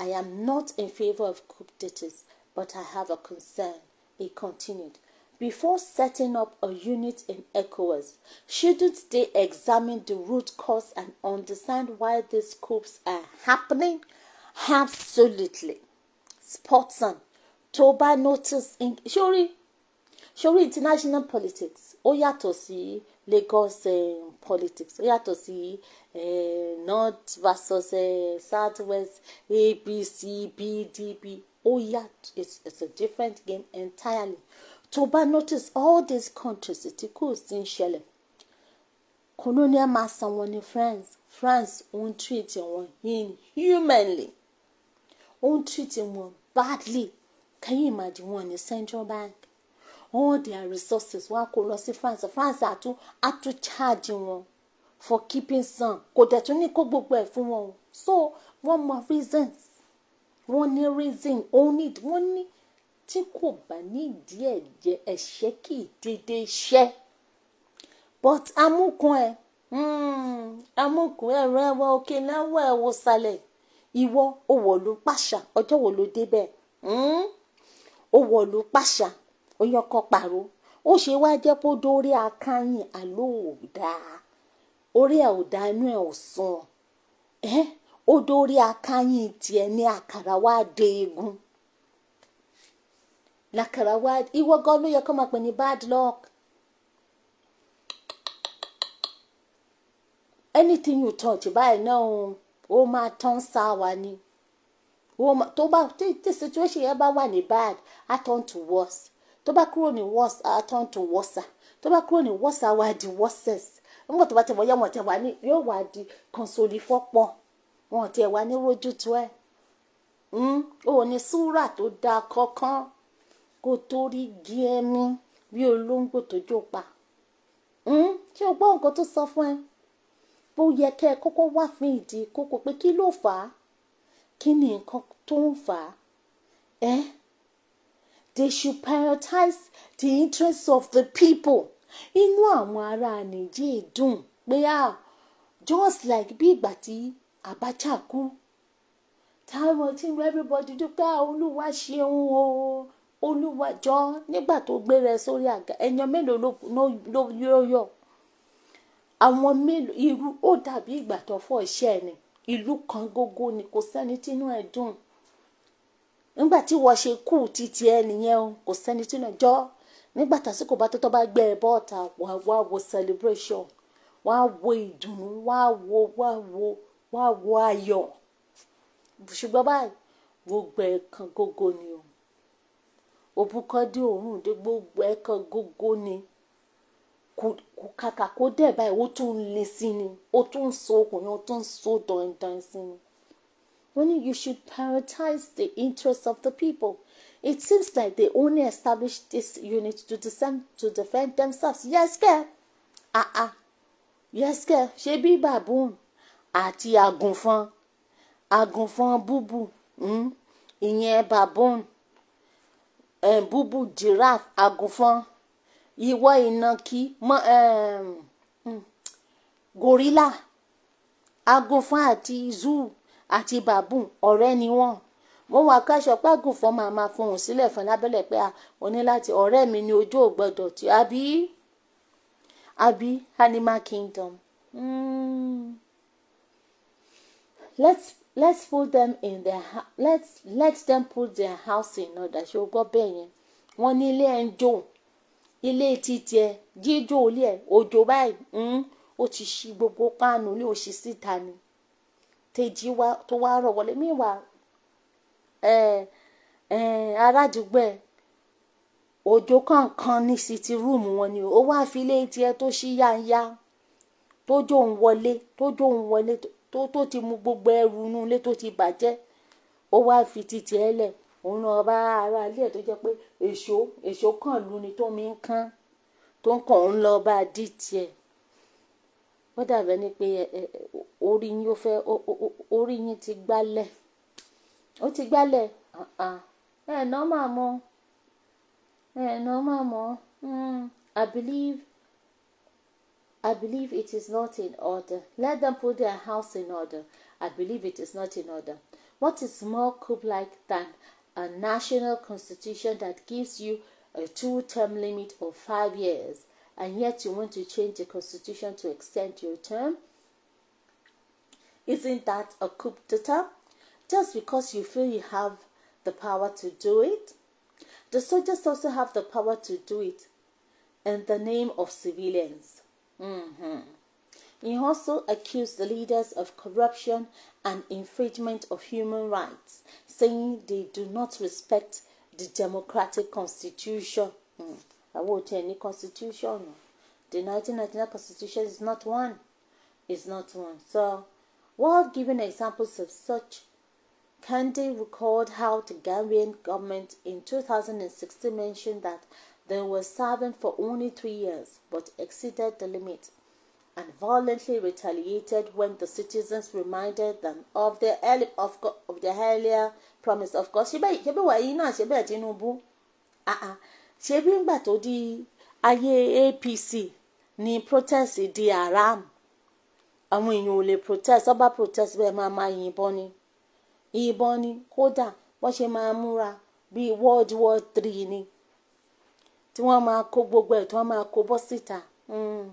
I am not in favor of coup d'etats, but I have a concern. He continued. Before setting up a unit in ECOWAS, shouldn't they examine the root cause and understand why these coups are happening? Absolutely. Spotson, Toba noticed in Shuri sórí international politics ó yàtọ̀ sí Lagos eh, politics ó yàtọ̀ sí eh, north versus eh, south west APC PDP e, ó yàtọ̀ it's, it's a different game entirely To bá notice all these countries tí kò sí ń ṣẹlẹ̀ colonial master wọn ni France France ń treat wọn inhumanly ń treat wọn badly can you imagine wọn ní central bank all their resources wọ́n á lọ sí France France á tún á tún charge wọn for keeping sun kò dẹ̀ tún ní kó gbogbo ẹ̀ fún wọn o so wọ́n mọ reasons wọ́n ní reason ó ní wọ́n ní tí kò bá nídìí ẹ̀ jẹ́ ẹ̀ṣẹ́ kì í dédé ṣẹ́ but amúkun ẹ̀ hmm, amúkun ẹ̀ rẹ̀ wọ òkè láwọ̀ ẹ̀ wò sálẹ̀ ìwọ ò wọ̀ ló pàṣà ọjọ́ wo ló débẹ̀ hmm? ó wọ̀ ló pàṣà ó yọ kọ́ pàrọ̀ ó ṣe wá jẹ́ kó dórí akáyìn àlóhùn ò dáa orí ẹ̀ ò dáa inú ẹ̀ ò sàn ẹ́ ó dórí akáyìn tiẹ̀ ní àkàrà wá dé egun làkàrà wá ìwọ gan ló yẹ kó máa pè ní bad luck anything you touch báyìí náà ó máa tán sáwa ni tó bá tí situation yẹn bá wà ní bad á turn to worse tó bá kúrò ní worse á turn to worse tó bá kúrò ní worse á wá di worses nígbà tó bá tẹ̀ wọ́n yẹ́ wọn tẹ̀ wá ní yóò wá di kọ̀ǹsólífọ́pọ̀ wọn tẹ̀ wá ní rójútu ẹ̀ ó hmm? ní súrà tó dáa kankan kó tó rí gí ẹmí bí olóńgbò tó jó pa hmm? ṣé o gbọ́ nǹkan tó sọ fún ẹ bó yẹ kẹ́ ẹ kọ́kọ́ wá fún ìdí kókó pé kí ló fà á kí ni nǹkan tó ń fà á ẹ́ eh? they should prioritize the interests of the people inú àwọn ará Nàìjíríà dùn pé ah just like bí ìgbà tí Abacha kú táwọn tí ń everybody dúpẹ́ Olúwa ṣeun o Olúwa jọ nígbà tó gbé rẹ sórí àga ẹ̀yàn mélòó ló yọ àwọn mélòó irú ó dàbí ìgbà tó fọ iṣẹ́ ni ìlú kan gógó ni kò sẹ́ni tínú ẹ̀ dùn nígbà tí wọ́n ṣe kú títí ẹ nìyẹn o kò sẹ́ni tí náà jọ́ nígbà tásìkò bá tó tọ́ bá gbẹ ẹ bọ́ọ̀ta wà wá wo celebration wà wo ìdùnnú wà wo wà wo wà wo ayọ̀ ṣùgbọ́n báyìí gbogbo ẹ̀kan gógó ni o òbúkan dé òórùn dé gbogbo ẹ̀kan gógó ni kò kàkà kó dẹ̀ báyìí ó tún le sí ni ó tún so okùn ó tún so dandan sí ni. when you should prioritize the interests of the people. It seems like they only established this unit to, descend, to defend themselves. Yes, girl. ah ah, Yes, girl. be baboon àti àgùnfọn àgùnfọn búbù Hmm. Inye baboon um, búbù giraffe àgùnfọn Iwa ìnàkí Ma um, eh, hmm, gorilla àgùnfọn àti zoo àti bàbùn ọ̀rẹ́ ni wọ́n mo wà káṣọ págùn fún máa máa fohùn sílẹ̀ fún lábẹ́lẹ̀ pé a ò ní láti ọ̀rẹ́ mi ni ojú ò gbọ́dọ̀ tí àbí àbí animal kingdom mm. let's let's put them in their let's let them put their house in order ṣé o gbọ́ bẹ́ẹ̀ yẹn wọ́n ní ilé ẹ̀ ń jò ilé títí ẹ jíjò ilé ẹ̀ òjò báyìí hmm, ó ti ṣí gbogbo páànù ilé òṣì síta ni. Mm? tèjì wa tó wá rọ̀ wọlé míwà aráàdúgbẹ́ òjò kankan ní sítì rúùmù wọn ni ó wá fi ilé tiẹ̀ tó ṣí yáyá tójó ń wọlé tójó ń wọlé tó tó ti mu gbogbo ẹrù inú ilé tó ti bàjẹ́ ó wá fi títì ẹ lẹ̀ òun náà bá ara ilé ẹ̀ tó jẹ́ pé èso èso kan lu ni tó mi ń kán tó ń kàn ń lọ bá dìtì ẹ̀ wọ́n dàbẹ́ ni pé orí yín ó fẹ́ orí yín ti gbálẹ̀ ó ti gbálẹ̀ ẹ̀ ẹ̀ nọ́mà mọ́ ẹ̀ ẹ̀ nọ́mà mọ́ I believe I believe it is not in order let them put their house in order I believe it is not in order what is more coup like than a national constitution that gives you a two-term limit of five years and yet you want to change the constitution to extend your term? Isn't that a coup d'etat? Just because you feel you have the power to do it? The soldiers also have the power to do it in the name of civilians. Mm -hmm. He also accused the leaders of corruption and infringement of human rights, saying they do not respect the democratic constitution. Mm àwọn any constitution the 1999 constitution is not one It's not one so while giving examples of such Candy recalled how the Gambian government in 2016 mentioned that they were serving for only three years but exceeded the limit and violently retaliated when the citizens reminded them of their early, of, of their earlier promise. Of course, ṣebí ṣebí wàyí náà ṣebí ẹ̀ Tinubu. Ah, ah. ṣebí ńgbà tó di ayé APC ni protest di haram àwọn èèyàn ò lè protest ọba protest bẹ́ẹ̀ máa ma yìnbọn ni ìbọn ni kódà wọ́n ṣe máa múra bíi world war three ni tí wọ́n máa kó gbogbo ẹ̀ tí wọ́n máa kó bọ́ síta. Mm.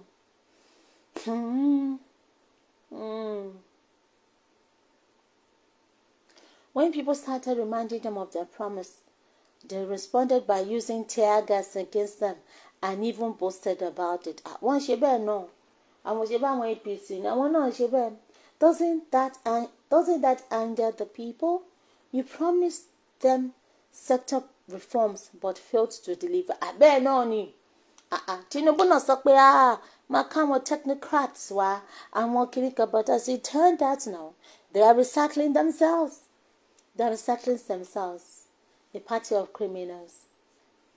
When people started reminding them of their promise They responded by using tear gas against them and even boasted about it. Ah, bẹ́ẹ̀. Doesn't that, doesn't that anger the people? You promised them sector reforms but failed to deliver. Àbẹ́ẹ̀ ah, náà ni. Ah, Tinubu náà sọ pé máa ká technocrats wá àwọn kìnnìkan but as it turned out now they are recycling themselves. They are recycling themselves a party of criminals,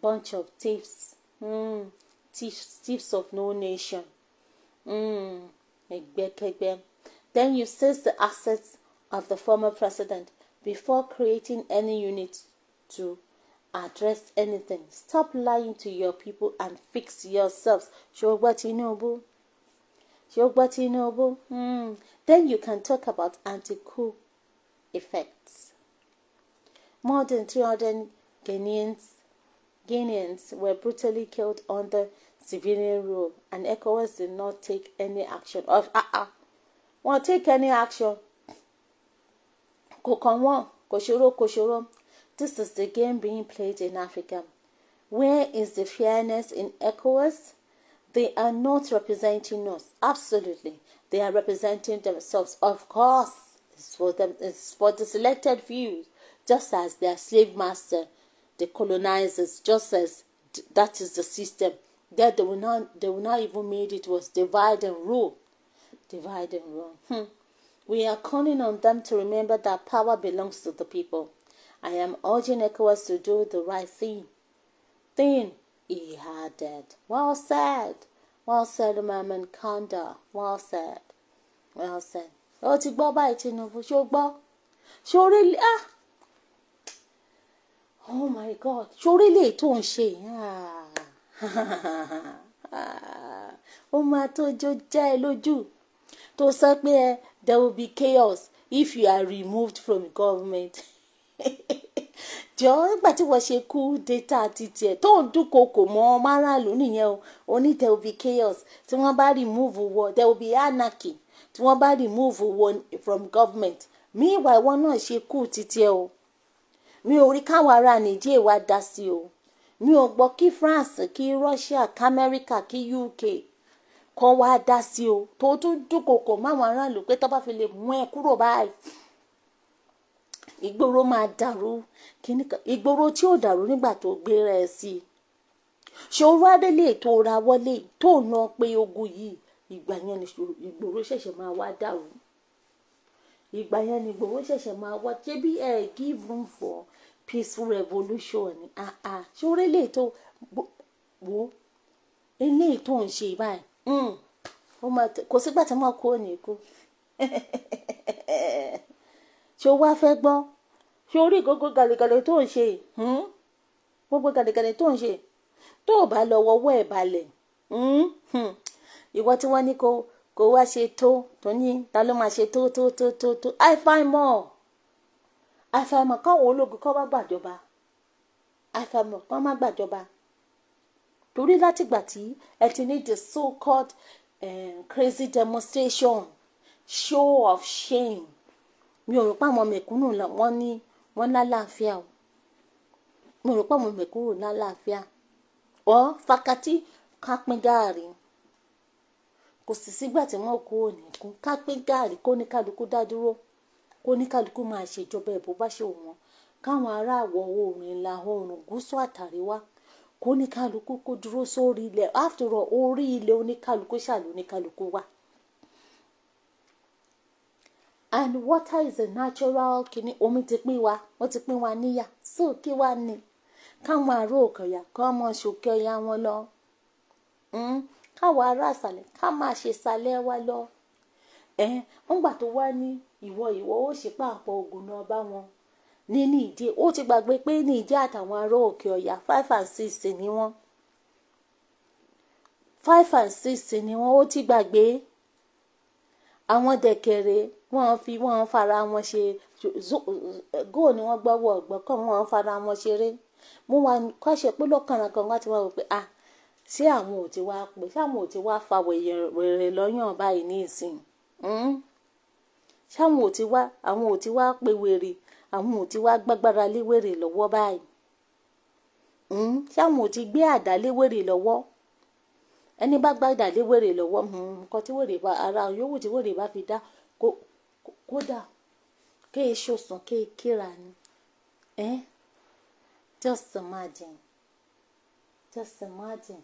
bunch of thieves, mm, thieves, thieves of no nation. Mm, then you seize the assets of the former president before creating any unit to address anything. Stop lying to your people and fix yourselves. Shogba Tinubu. Hmm. Then you can talk about anti-coup effects. More than 300 Ghanaians, Ghanaians were brutally killed under civilian rule, and ECOWAS did not take any action. Of ah ah, won't take any action. koshoro koshoro. This is the game being played in Africa. Where is the fairness in ECOWAS? They are not representing us. Absolutely, they are representing themselves. Of course, it's for them. It's for the selected few just as their slave master, the colonizers, just as that is the system. That they will not they will not even made it was divide and rule. Divide and rule. Hmm. We are calling on them to remember that power belongs to the people. I am urging ECOWAS to do the right thing. Thing he had it. Well said. Well said, Maman Kanda. Well said. Well said. Ó ti gbọ́ báyìí Tinubu ṣó gbọ́. Ṣó really ah oh my god ṣorí lè tó ń ṣe ah. ó máa tó jó já ẹ lójú tó sọ pé eh, there will be chaos if you are removed from government jọ nígbà tí wọ́n ṣe kú data títí ẹ̀ tó ń dúnkokò mọ́ márààlú nìyẹn o ó ní there will be chaos tí wọ́n bá remove wọ there will be anarchy tí wọ́n bá remove wọ from government meanwhile wọ́n náà ṣe kú títí ẹ̀ o mi ò rí káwọn ará nìjíríà wá dá sí o mi ò gbọ́ kí France kí Russia kí America kí UK kọ́ wá dá sí o tó tún dúnkokò máwọn aráàlú pé tó bá fi lè mú ẹ kúrò báyìí ìgboro máa dàrú ìgboro tí ò dàrú nígbà tó gbéra ẹ sí i ṣòro adélé tó ra wọlé tó ná pé ogun yìí ìgbà yẹn ni ìgboro ṣẹ̀ṣẹ̀ máa wá dàrú ìgbà yẹn ni Ìgbòho ṣẹ̀ṣẹ̀ máa wá ṣebí ẹ give room for peaceful revolution ni ah, ah. ṣé orí lè tó wo eléyìí tó ń ṣe báyìí hmm, kò sígbà tí wọn kó ní kú ṣé o wá fẹ́ gbọ́ ṣé orí gbogbo gàlẹ́gàlẹ́ tó ń ṣe hmm, gbogbo gàlẹ́gàlẹ́ tó ń ṣe tó o bá lọ wọ́wọ́ ẹ̀ balẹ̀ hmm, ìwọ tí wọ́n ní kó kó wá ṣe tó tó ní ta ló máa ṣe tó tó tó tó tó àìfàìmọ̀ àìfàìmọ̀ káwọn ológun kọ́ bá gbàjọba àìfàìmọ̀ kọ́ má gbàjọba torí látìgbà tí ẹ ti ní the so called um, eh, crazy demonstration show of shame mi ò rò pé àwọn mẹ̀kúnnù wọ́n ní wọ́n lálàáfíà o mi ò rò pé àwọn mẹ̀kúnnù lálàáfíà ọ fakati ká pín gààrí kò sì sígbà tí wọ́n kú òní kún ká pín gààrí kó ní kálukú dá dúró kó ní kálukú máa ṣèjọba ẹ̀ bó bá ṣe wọn káwọn ará àwọ̀ oòrùn ìlà oòrùn gúúsù àtàríwá kó ní kálukú kó dúró sórí ilẹ̀ after all orí ilẹ̀ oníkálukú ṣàlù oníkálukú wà. and water is a natural kini omi ti pín wa wọ́n ti pín wa níyà so kí wá ni káwọn ará òkèèyà kọ́ ọmọ ṣòkè ọ̀yà wọn lọ. Mm? káwa ará àṣàlẹ̀ ká máa ṣe ṣàlẹ̀ wa lọ ẹn wọ́n gbà tó wá ní ìwọ ìwọ ó ṣe pàpọ̀ ògùn náà bá wọn ní ní ìdí ó ti gbàgbé pé ní ìdí àtàwọn ará òkè ọ̀yà five and six ni wọ́n five and six ni wọ́n ó ti gbàgbé àwọn dẹ̀kẹ̀rẹ̀ wọ́n fi wọ́n fara wọn ṣe góò ni wọ́n gbọ́wọ́ ọ̀gbọ́n kọ́ wọ́n fara wọn ṣeré mo wà kọ́ṣe pé lọ́kànràn kan wá ti wá wò pé ah ṣé àwọn ò ti wá pé ṣé àwọn ò ti wá fa wèrè lọ́yàn báyìí ní ìsìn hmm? ṣé àwọn ò ti wá àwọn ò ti wá pé wèrè àwọn ò ti wá gbágbára lé wèrè lọ́wọ́ báyìí hmm? ṣé àwọn ò ti gbé àdá lé wèrè lọ́wọ́ ẹni bá gbàdá lé wèrè lọ́wọ́ hmm, nǹkan tí wèrè bá ara yòówù tí wèrè bá fi dá kódà kéè ṣòsàn kéè e kíra ni eh? just imagine just imagine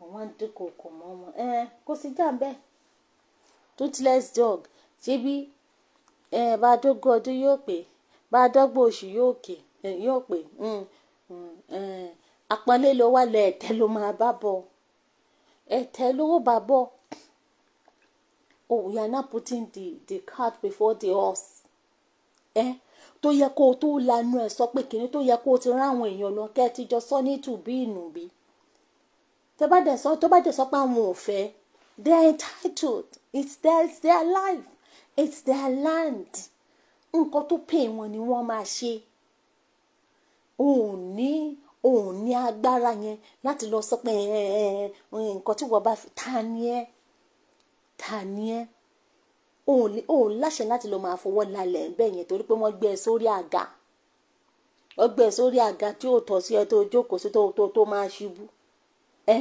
wọ́n wá ń dúnkòkò mọ́ wọn ẹ kó sì já bẹ́ẹ̀ toothless dog ṣé bí ẹ bá dógún ọdún yóò pé bá dọ́gbọ̀n oṣù yóò pé yóò pé hmm, hmm, àpọ́nlé ló wà lọ ẹ̀tẹ́ ló máa bá bọ̀ ẹ̀tẹ́ ló bá bọ̀ oh we are not putting the the cart before the horse ẹ tó yẹ kó o tó lanu ẹ sọ pé kìnní tó yẹ kó o ti rán àwọn èèyàn lọ kẹ́ ẹ ti jọ sọ ní tùbí ìnùbí tó bá dẹ̀ sọ tó bá dẹ̀ sọ pé àwọn ò fẹ́ they are entitled it's their, it's their life it's their land nǹkan tó pè wọ́n ni wọ́n máa ṣe òun ní òun ní agbára yẹn láti lọ sọ pé nǹkan tí wọ́n bá fi ta ni ẹ́ ta ni ẹ́ òun láṣẹ láti lọ máa fọwọ́ lálẹ́ bẹ́ẹ̀ yẹn torí pé wọ́n gbé sórí àga wọ́n sórí àga tí ò tọ́ sí ẹ tó jókòó sí tó tó máa ṣubú ẹ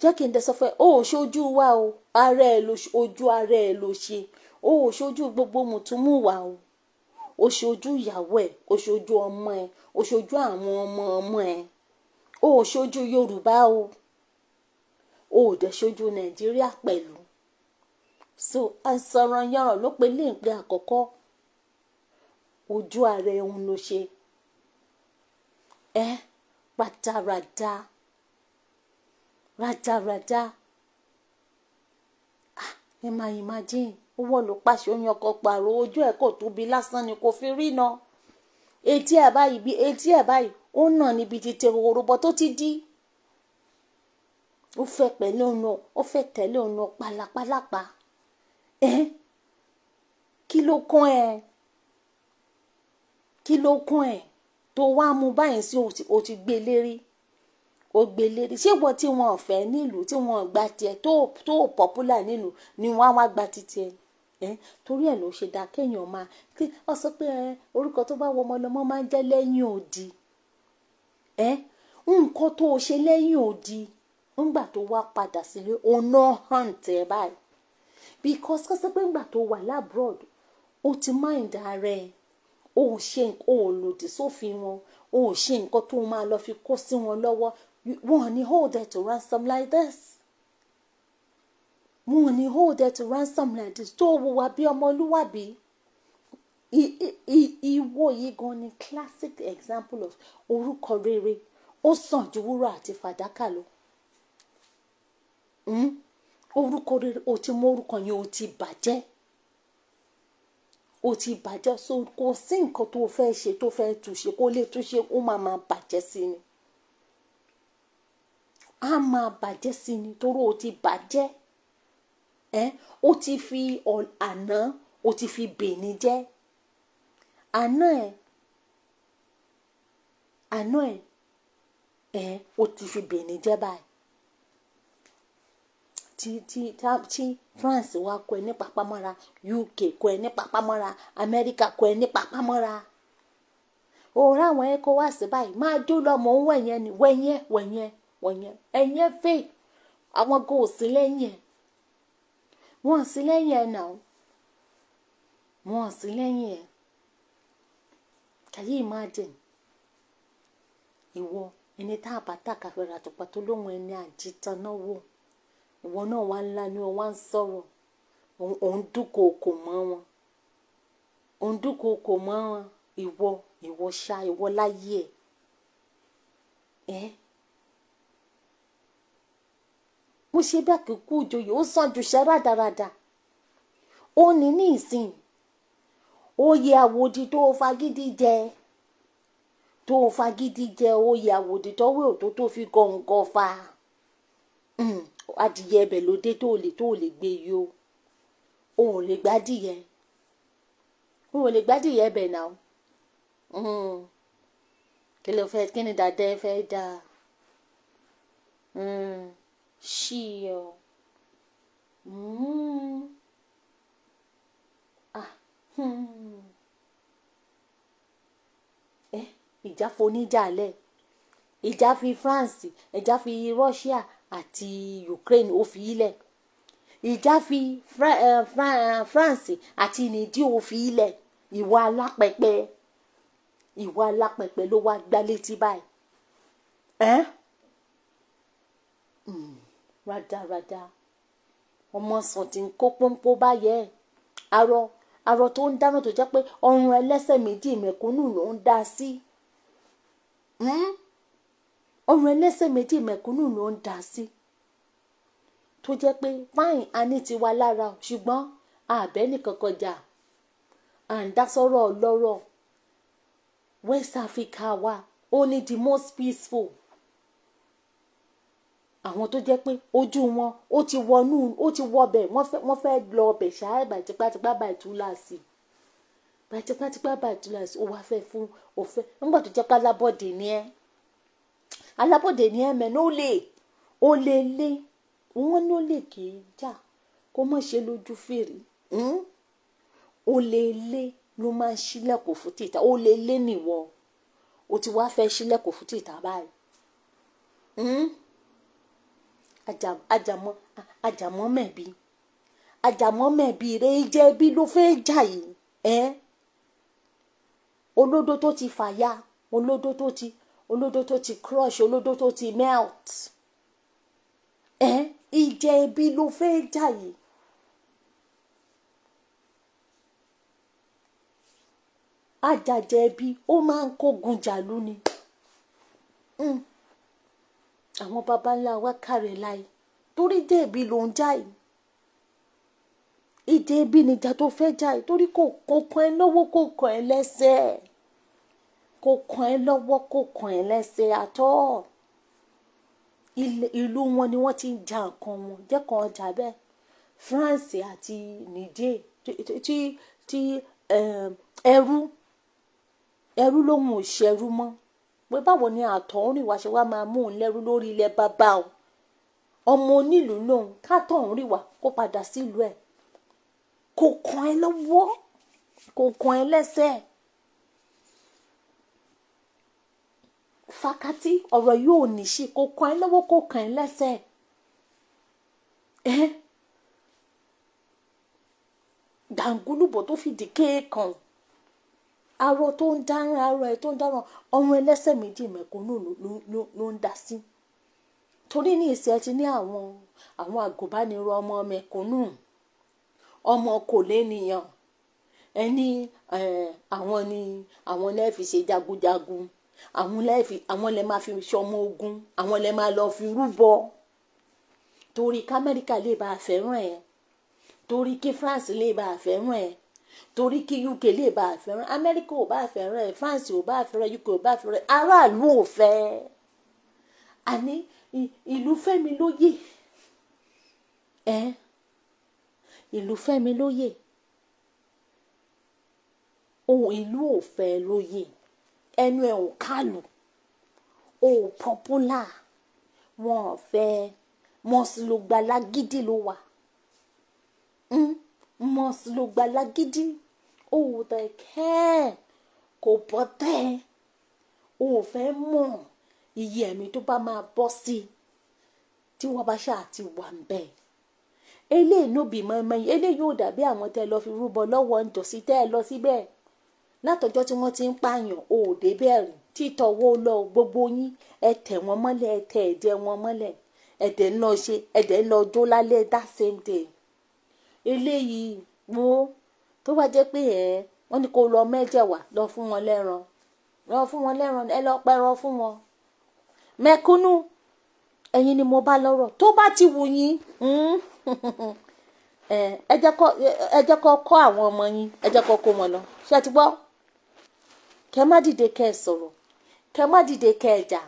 jẹ́ kí n dẹ sọ fún ẹ o ò ṣojú wa o ara ẹ ojú ara ẹ ló ṣe o ò ṣojú gbogbo mùtúmùwà o o ṣojú ìyàwó ẹ o ṣojú ọmọ ẹ o ṣojú àwọn ọmọ ọmọ ẹ o ò ṣojú Yorùbá o o ò ṣojú Nàìjíríà pẹ̀lú so àsọ̀rọ̀yọ̀rọ̀ ló pe léèpé àkọ́kọ́ ojú ara ẹ ń lo ṣe ẹ pátá rada. Eh? rájaràjá ah, ẹ máa imagine owó ló pàṣẹ oyin ọkọ pààrọ̀ ojú ẹ̀ kò tóbi lásán ni kò fi rí náà etí ẹ̀ báyìí bí etí ẹ̀ báyìí ó nà níbi ti tèrò bọ tó ti dí ó fẹ́ pẹ̀lú ọ̀nà ó fẹ́ tẹ̀lé ọ̀nà pálapàlapa ẹ kí ló kàn ẹ́ kí ló kàn ẹ́ tó wá mú báyìí sí o ti gbé e lérí ó gbélérí ṣé wọ́n tí wọ́n fẹ́ nílùú tí wọ́n gba tiẹ̀ tó tó popular nílùú ni wọ́n á wá gba titi ẹ̀ torí ẹ̀ ló ṣe dáa kéèyàn máa kí ọ sọ pé orúkọ tó bá wọ ọmọ lọmọ máa ń jẹ́ lẹ́yìn odi ẹ̀ nǹkan tó o ṣe lẹ́yìn odi ńgbà tó wá padà sílé ọ̀nà hàn tẹ̀ báyìí because kọ́sọ́ pé ńgbà tó wà lábroad ó ti mind ara ẹ̀ ó ṣe ó lòdì sófin wọn ó ṣe nǹkan tó máa lọ fi kó sí wọn lọ́wọ́ wọn ò ní hold her to ransom like this wọn ò ní hold her to ransom like this tó wùwà bí ọmọlúwàbí ìwọ yìí gan ni classic example of orúkọ rere ó sàn ju wúrà àti fàdákà lọ hmm? orúkọ rere o ti mú orúkọ yẹn o ti bàjẹ́ o ti bàjẹ́ so kò sí nǹkan tó fẹ́ ṣe tó fẹ́ túnṣe kó lè túnṣe ó máa máa bàjẹ́ sí ni á máa bàjẹ́ sí ni torí o ti bàjẹ́ ẹ́ o ti fi àná o ti fi bèèní jẹ́ àná ẹ̀ àná ẹ̀ ẹ̀ o ti fi bèèní jẹ́ báyìí tí tí tí France wa kọ ẹ ní papamọ́ra UK kọ ẹ ní papamọ́ra Amẹ́ríkà kọ ẹ ní papamọ́ra òòrùn àwọn ẹ̀kọ́ wá sí báyìí máa jó lọ́mọ òun wẹ̀yẹn ni wẹ̀yẹn wẹ̀yẹn. wọ̀nyẹn ẹ̀yin fẹ́ àwọn kan ò sí lẹ́yìn wọ́n sí lẹ́yìn ẹ̀ náà wọ́n sí lẹ́yìn ẹ̀ kàyé imagine ìwọ ẹni tá a bá tà ra tọ̀pá tó lóun ẹni àjìtàn náà wò ìwọ náà wà ńlá ni ń òun wọn òun dúnkòokò wọn ìwọ ìwọ ṣá ìwọ láyé ẹ̀ bó ṣe bí àkíkú ìjòyè ó sàn ju ṣẹ́ rádaràda ó ní ní ìsìn oyè àwòdì tó o fagídí jẹ tó o fagídí jẹ oyè àwòdì tọwé òtó tó fi gọǹgọ fa hmm, adìyẹ ẹbẹ ló dé tó o lè tó o lè gbé yìí o òun ò lè gbádìyẹ òun ò lè gbádìyẹ ẹbẹ náà hmm, kí ló fẹ́ kí ni dàdá ẹ fẹ́ dáa. Shield. Oh. Mm. Ah. Hmm. Eh, ìjà foníjà lẹ̀ ìjà fi France ìjà fi Russia àti Ukraine ó fi ilẹ̀ ìjà fi Fra uh, Fra uh, France àti nìdí ó fi ilẹ̀ ìwà alápẹ̀pẹ̀ ìwà alápẹ̀pẹ̀ ló wá gbá létí báyìí. Eh? Mm rádaràda ọmọ sàn tí ń kó pọ́npọ́ báyẹ̀ arọ arọ tó ń dáná tó jẹ́ pé ọrùn ẹlẹ́sẹ̀ méjì mẹ̀kúnnù ló ń dá sí hmm? ọrùn ẹlẹ́sẹ̀ méjì mẹ̀kúnnù ló ń dá sí tó jẹ́ pé fáìn ani ti wá lára ṣùgbọ́n àbẹ́ nìkan kọjá à ń dá sọ́rọ̀ ọlọ́rọ̀ West Africa wa ó ní the most peaceful àwọn tó jẹ́ pé ojú wọn ó ti wọnú ó ti wọbẹ̀ wọ́n fẹ́ lọ ọbẹ̀ ṣáá by tipátipá by túláàsì by tipátipá by túláàsì ó wá fẹ́ fún òfẹ́ nígbà tó jẹ́ pé alábọ̀dé ni ẹ́ alábọ̀dé ni ẹ́ mẹ́ni ó lè ó lè lé wọ́n ní ó lè kì í jà kó má ṣe lójú fèrè hmm? ó lè lé ló máa ń ṣílẹ̀kùn fún tìta ó lè lé nìwọ o ti wá fẹ́ ṣílẹ̀kùn fún tìta báyìí. Hmm? àjàmọ́ àjàmọ́ mẹ̀bi àjàmọ́ mẹ̀bi rẹ̀ jẹ́ bí ló fẹ́ jà yìí ẹ́ olódó tó ti fàya olódó tó ti olódó tó ti crush olódó tó ti melt ẹ́ ìjẹ́ ibi ló fẹ́ jà yìí. àjàjẹ́ bí ó máa ń kógun jà lónìí. Mm àwọn baba ńlá wa kárẹ̀ láì torí jẹ̀bi ló ń jáì ìjẹ́ ibi nìjà tó fẹ́ jáì torí kò kàn ẹ́ lọ́wọ́ kò kàn ẹ́ lẹ́sẹ̀ kò kàn ẹ́ lọ́wọ́ kò kàn ẹ́ lẹ́sẹ̀ àtọ́ ìlú wọn ni wọ́n ti ń ja nǹkan wọn jẹ́kọ̀ọ́ ọjà bẹ́ẹ̀ France àti Niger ti ẹrú ẹrú lòun ò ṣẹrú mọ́ pé báwo ni àtọ̀húnrìnwá ṣe wá máa mú un lẹ́rú lórí ilẹ̀ bàbá o ọmọ onílùú lòun kátọ̀húnrìnwá kó padà sílùú ẹ̀ kò kàn ẹ́ lọ́wọ́ kò kàn ẹ́ lẹ́sẹ̀ fakati ọ̀rọ̀ yóò níṣì kò kàn ẹ́ lọ́wọ́ kò kàn ẹ́ lẹ́sẹ̀ ẹ́ dàǹgùlùbọ̀ tó fi dìké kàn. Aro tó ń dáràn arọ ẹ tó ń dáràn ọrùn ẹlẹ́sẹ̀ méjì mẹ̀kúnnù ló ń dá sí torí ní ìsìn ẹ ti ní àwọn àwọn àgùnbánirọ̀ ọmọ mẹ̀kúnnù ọmọ kò lénìyàn ẹni àwọn ni àwọn lẹ́ẹ̀ fi ṣe jagunjagun àwọn lẹ́ẹ̀ fi àwọn lẹ́ẹ̀ máa fi ṣọmọ ogun àwọn lẹ́ẹ̀ máa lọ fi rúbọ torí k'Amẹ́ríkà lè bá a fẹ́ràn ẹ̀ torí kí France lè bá a fẹ́ràn ẹ̀ torí kí uk lè bá a fẹ́ràn amẹ́ríkà ò bá a fẹ́ràn ẹ̀ france ò bá a fẹ́ràn uk ò bá a fẹ́ràn aráàlú ò fẹ́ àní ìlú fẹ́mi lóye ẹ ìlú fẹ́mi lóye ohun ìlú ò fẹ́ lóye ẹnu ẹ̀ ò kálù ò pọ́pùlà wọn ò fẹ́ mọ́sí ló gba lágídí ló wà. Mm must lògbà lágídí o ò tẹ̀ kẹ́ kò bọ́ tẹ́ o ò fẹ́ mọ̀ iye ẹ̀mí tó bá máa bọ́ sí tí wọ́n bá ṣáà ti wà ń bẹ̀ eléyìí ló bì mọ́mọ́ yìí eléyìí yóò dàbí àwọn tẹ́ lọ fi rúbọ lọ́wọ́ ń jọ̀sí tẹ́ ẹ lọ síbẹ̀ látọjọ́ tí wọ́n ti ń pààyàn o ò débẹ̀ rí títọwọ́ lọ gbogbo yín ẹ tẹ̀ wọ́n mọ́lẹ̀ ẹ tẹ̀ ẹ̀jẹ̀ wọn mọ́lẹ̀ ẹ̀dẹ̀ ń lọ ṣe ẹ̀dẹ̀ ń lọ jó lálẹ́ that same day eléyìí wo tó bá jẹ́ pé ẹ̀ wọ́n ní kó lọ mẹ́jẹ̀ wá lọ fún wọn lẹ́ran lọ fún wọn lẹ́ran ẹ lọ pẹran fún wọn mẹ̀kúnnù ẹ̀yin ni mo bá lọ́rọ̀ tó bá ti wù yín ẹ jẹ́ kó kọ́ àwọn ọmọ yín ẹ jẹ́ kó kó wọn lọ ṣé ti gbọ́ kẹ má dìde kẹ sọ̀rọ̀ kẹ má dìde kẹ jà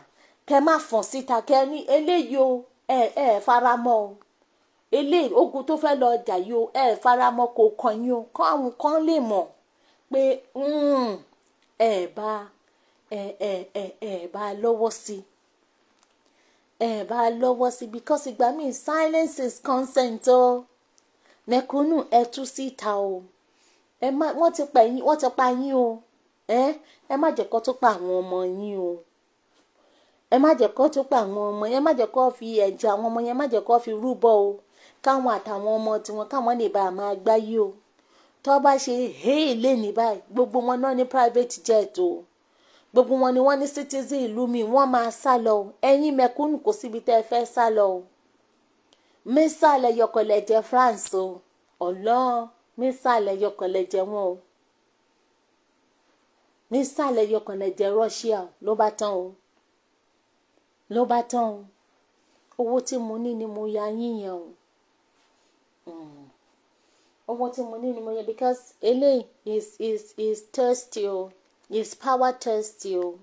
kẹ má fọ̀n síta kẹ ní eléyìí o ẹ ẹ fara mọ́ o eléyìí ogun tó fẹ́ lọ jà yìí o ẹ faramọ́ kò kàn yín o kọ́ àwọn kan lè mọ̀ pé ẹ bá ẹ ẹ ẹ ẹ bá lọ́wọ́ sí ẹ bá lọ́wọ́ sí because ìgbà míì silence is consent o mẹ̀kúnnù ẹ tú síta o ẹ má wọ́n ti pa yín wọ́n ti pa yín o ẹ ẹ má jẹ́ kó tó pa àwọn ọmọ yín o ẹ má jẹ́ kó tó pa àwọn ọmọ yẹn ẹ má jẹ́ kó fi ẹ̀jẹ̀ àwọn ọmọ yẹn ẹ má jẹ́ kó fi rúbọ o káwọn àtàwọn ọmọ tiwọn káwọn lè bá a máa gbáyé o tó bá ṣe hey lẹ́ni báyìí gbogbo wọn náà ní private jet o gbogbo wọn ni wọn ní citizen ìlú mi wọn máa sá lọ o ẹ̀yin mẹ̀kúnnù kò síbi tẹ́ ẹ fẹ́ sá lọ o mísàlẹ̀ yọkọ̀lẹ̀ jẹ́ France o ọ̀lọ́ mísàlẹ̀ yọkọ̀lẹ̀ jẹ́ wọn o mísàlẹ̀ yọkọ̀lẹ̀ jẹ́ Russia ló bá tán o ló bá tán o owó tí mo ní ni mo ya yíyan o owó mm. tí mo ní ni mo yẹ because eléyìí is is is thirsty o is power thirsty o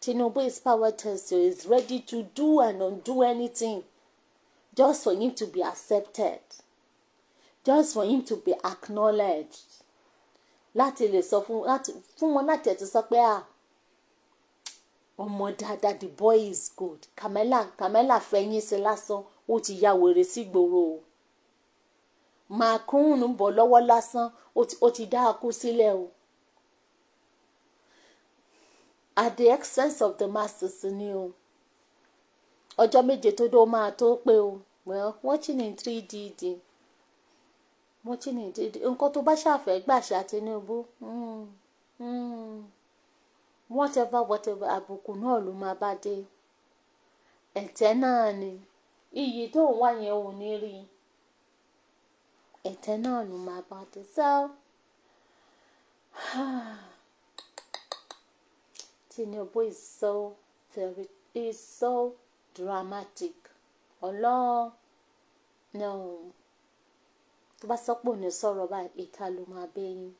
Tinubu is power thirsty o is ready to do and undo anything just for him to be accepted just for him to be acknowledged láti lè sọ fún láti fún wọn láti ẹ̀tún sọ pé à ọmọ dáadáa the boy is good Kamela, Kamela, fẹ̀yìn sí lásán ó ti ya wèrè sí gbòòrò o macron ń bọ̀ lọ́wọ́ lásán ó ti dá a kú sílẹ̀ o. at the expense of the masses ni o ọjọ́ méje tó dó máa tó pé o well watching in 3dd watching in 3dd nǹkan tó bá ṣàfẹ́ gbàṣà Tinubu hmm, hmm. whatever whatever àbùkù náà ló máa bá dé ẹ̀tẹ́ náà ni iyì tó ń wá yẹn ò ní rí i ethanol in my body. So, Tinubu is so very, is so dramatic. Ọlọ́run no. tó bá sọ pé òní sọ̀rọ̀ báyìí ìta ló máa bẹ́yìn.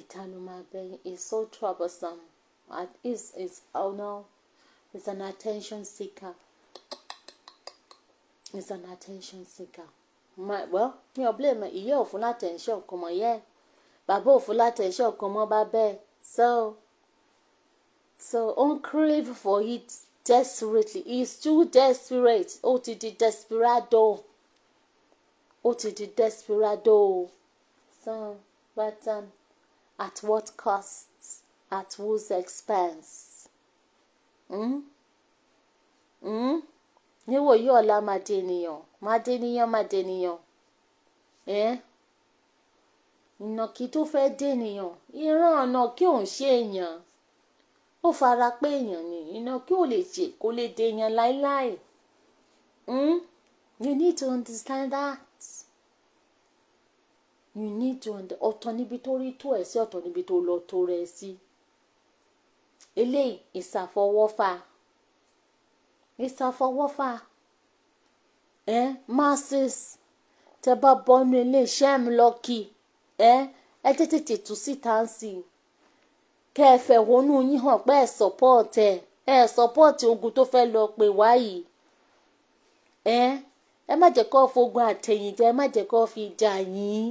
Ìta ló máa bẹ́yìn. It's so troublesome. At is is oh no, is an attention seeker. Is an attention seeker my well mi ò blame ìyá ò fún attention kan mọ́ yẹn bàbá ò fún attention kan mọ́ bá bẹ́ẹ̀ so so on crave for it desperately he is too desperate ó ti di desperado ó ti di desperado so but um, at what cost at whose expense. Mm? Mm? níwòyí ọ̀la máa dènìyàn máa dènìyàn máa dènìyàn ẹ́ ìnàkí tó fẹ́ dènìyàn ìran ọ̀nà kí òun ṣe èèyàn ó fara pé èèyàn ni ìnàkí ò lè jẹ kó lè dèèyàn láéláé hmm? you need to understand that you need to understand ọ̀tọ̀ níbi tó rí tó ẹ̀ sí ọ̀tọ̀ níbi tó lọ tó rẹ̀ sí eléyìí ìsàfọwọ́fà mr fọwọ́fà ẹ marcis tẹ bá bọ́nú iléeṣẹ́ mi lọ kí ẹ ẹ tètè tú síta ń sí i kẹ́ ẹ fẹ̀hónú yín hàn pé ẹ sọ́pọ́ọ̀tì ẹ ẹ sọ́pọ́ọ̀tì ogun tó fẹ́ lọ pè wá yìí ẹ ẹ má jẹ́ kó fogun àtẹ̀yìnjẹ ẹ má jẹ́ kó fi jà yín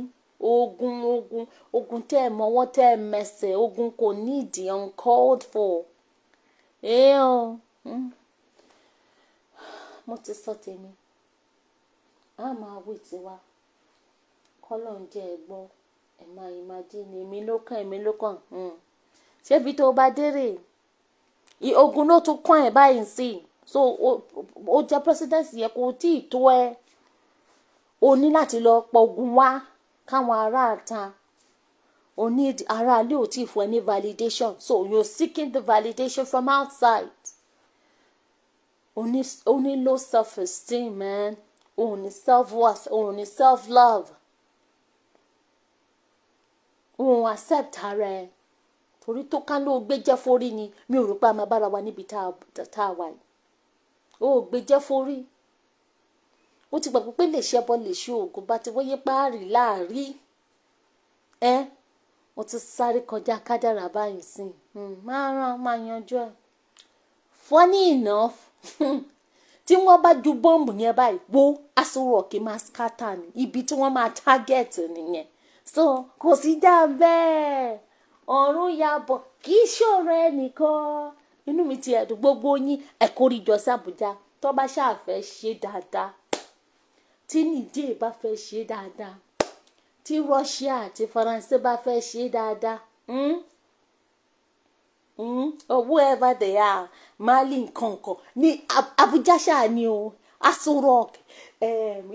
ogun ogun ogun tẹ́ ẹ mọ́wọ́ tẹ́ ẹ mẹsẹ̀ ogun kò ní uncalled for. Oh. Mm mo ti sọ tèmi a máa wí tiwa kọ́lọ̀ ń jẹ́ ẹ gbọ́ ẹ máa imagine èmi ló kàn èmi ló kàn hmm. ṣébi tó bá dérè ogun ló tún kàn ẹ báyìí sí so ó jẹ́ president yẹ kó tí ì tó ẹ o ní láti lọ pọgun wá káwọn aráàta o ní aráalé ò tí ì fún ẹ ní validation so you're seeking the validation from outside. Only, ní low self esteem man Only self worth only self love òun accept ara ẹ torí tó ká ló gbé jẹ́ forí ni mi ò rò pé a máa bára wa níbi tá a wà yìí ó gbé jẹ́ forí ó ti gbàgbé pé lè ṣe ẹbọ lè ṣe oògùn bá ti wáyé páàrí láàrí ẹ mo ti sáré kọjá kádàrá báyìí sí hmm, máa ràn máa yanjú ẹ funny enough tí wọ́n bá ju bọ́ǹbù yẹn báyìí wo aṣọ rọ̀kì máa skátà ní ibi tí wọ́n máa tágẹ́ẹ̀tì nìyẹn so kò sí dá bẹ́ẹ̀ ọ̀run yabọ̀ kì í ṣòro ẹnìkan inú mi ti ẹ̀dùn gbogbo yín ẹ̀kọ́ ríjọ sí Àbújá tó bá ṣáà fẹ́ ṣe dáadáa tí nìjẹ́ bá fẹ́ ṣe dáadáa tí Russia àti Faransé bá fẹ́ ṣe dáadáa. Hmm? Hmm? Oh, wherever they are mali nkankan ní Abuja ṣáà ni o Aso Rock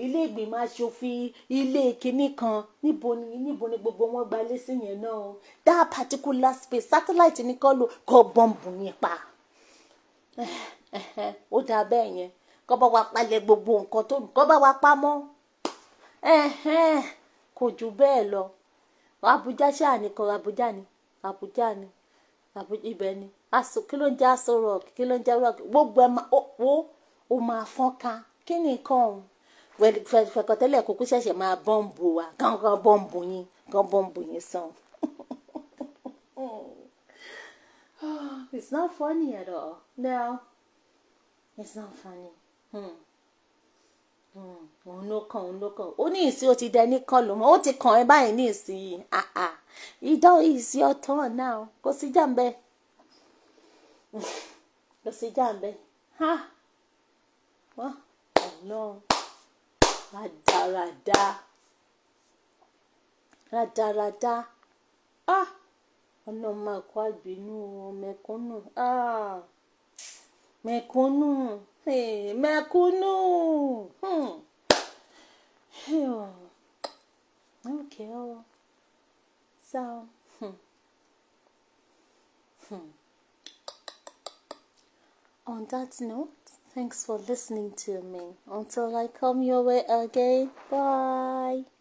ilé ìgbìmọ̀ asòfin ilé kìíní kan níbo ni níbo ni gbogbo wọn gba lẹ́sìn yẹn náà o particular space satellite ní kọ́ ló kọ́ bọ́ǹbù yẹn pa ó dáa bẹ́ẹ̀ yẹn kọ́ bá wa palẹ̀ gbogbo nǹkan tó kọ́ bá wa pamọ́ kò jù bẹ́ẹ̀ lọ Abuja ṣáà ni kọ́ Abuja ni Abuja ni. àbújá ibẹ̀ ni kí ló ń jẹ́ aṣọ rock kí ló ń jẹ́ rock gbogbo ẹ̀ máa ó ó máa fọ́n kí ni nǹkan fẹ̀kọ̀tẹ́lẹ̀ kúkú ṣẹ̀ṣẹ̀ máa bọ́ǹbù wa gángan bọ́ǹbù yín gángan bọ́ǹbù yín sàn. Oh, it's not funny at all. No, it's not funny. Hmm òun ló kàn òun ló kàn ó ní ìsí ó ti dẹ ní kọlù mọ ó ti kàn ẹ báyìí ní ìsí yìí àà ìdán ìsí ọtọ náà kò sí jàǹbẹ kò sí jàǹbẹ ha wọn Ọlọ́run rádaràda rádaràda ah Ọlọ́run máa kó àgbínú mẹ̀kúnnù ah mẹ̀kúnnù. Hey, mẹ̀kúnnù. Hmm. Oh. Okay. Oh. So. Hmm. Hmm. On that note, thanks for listening to me. Until I come your way again, bye.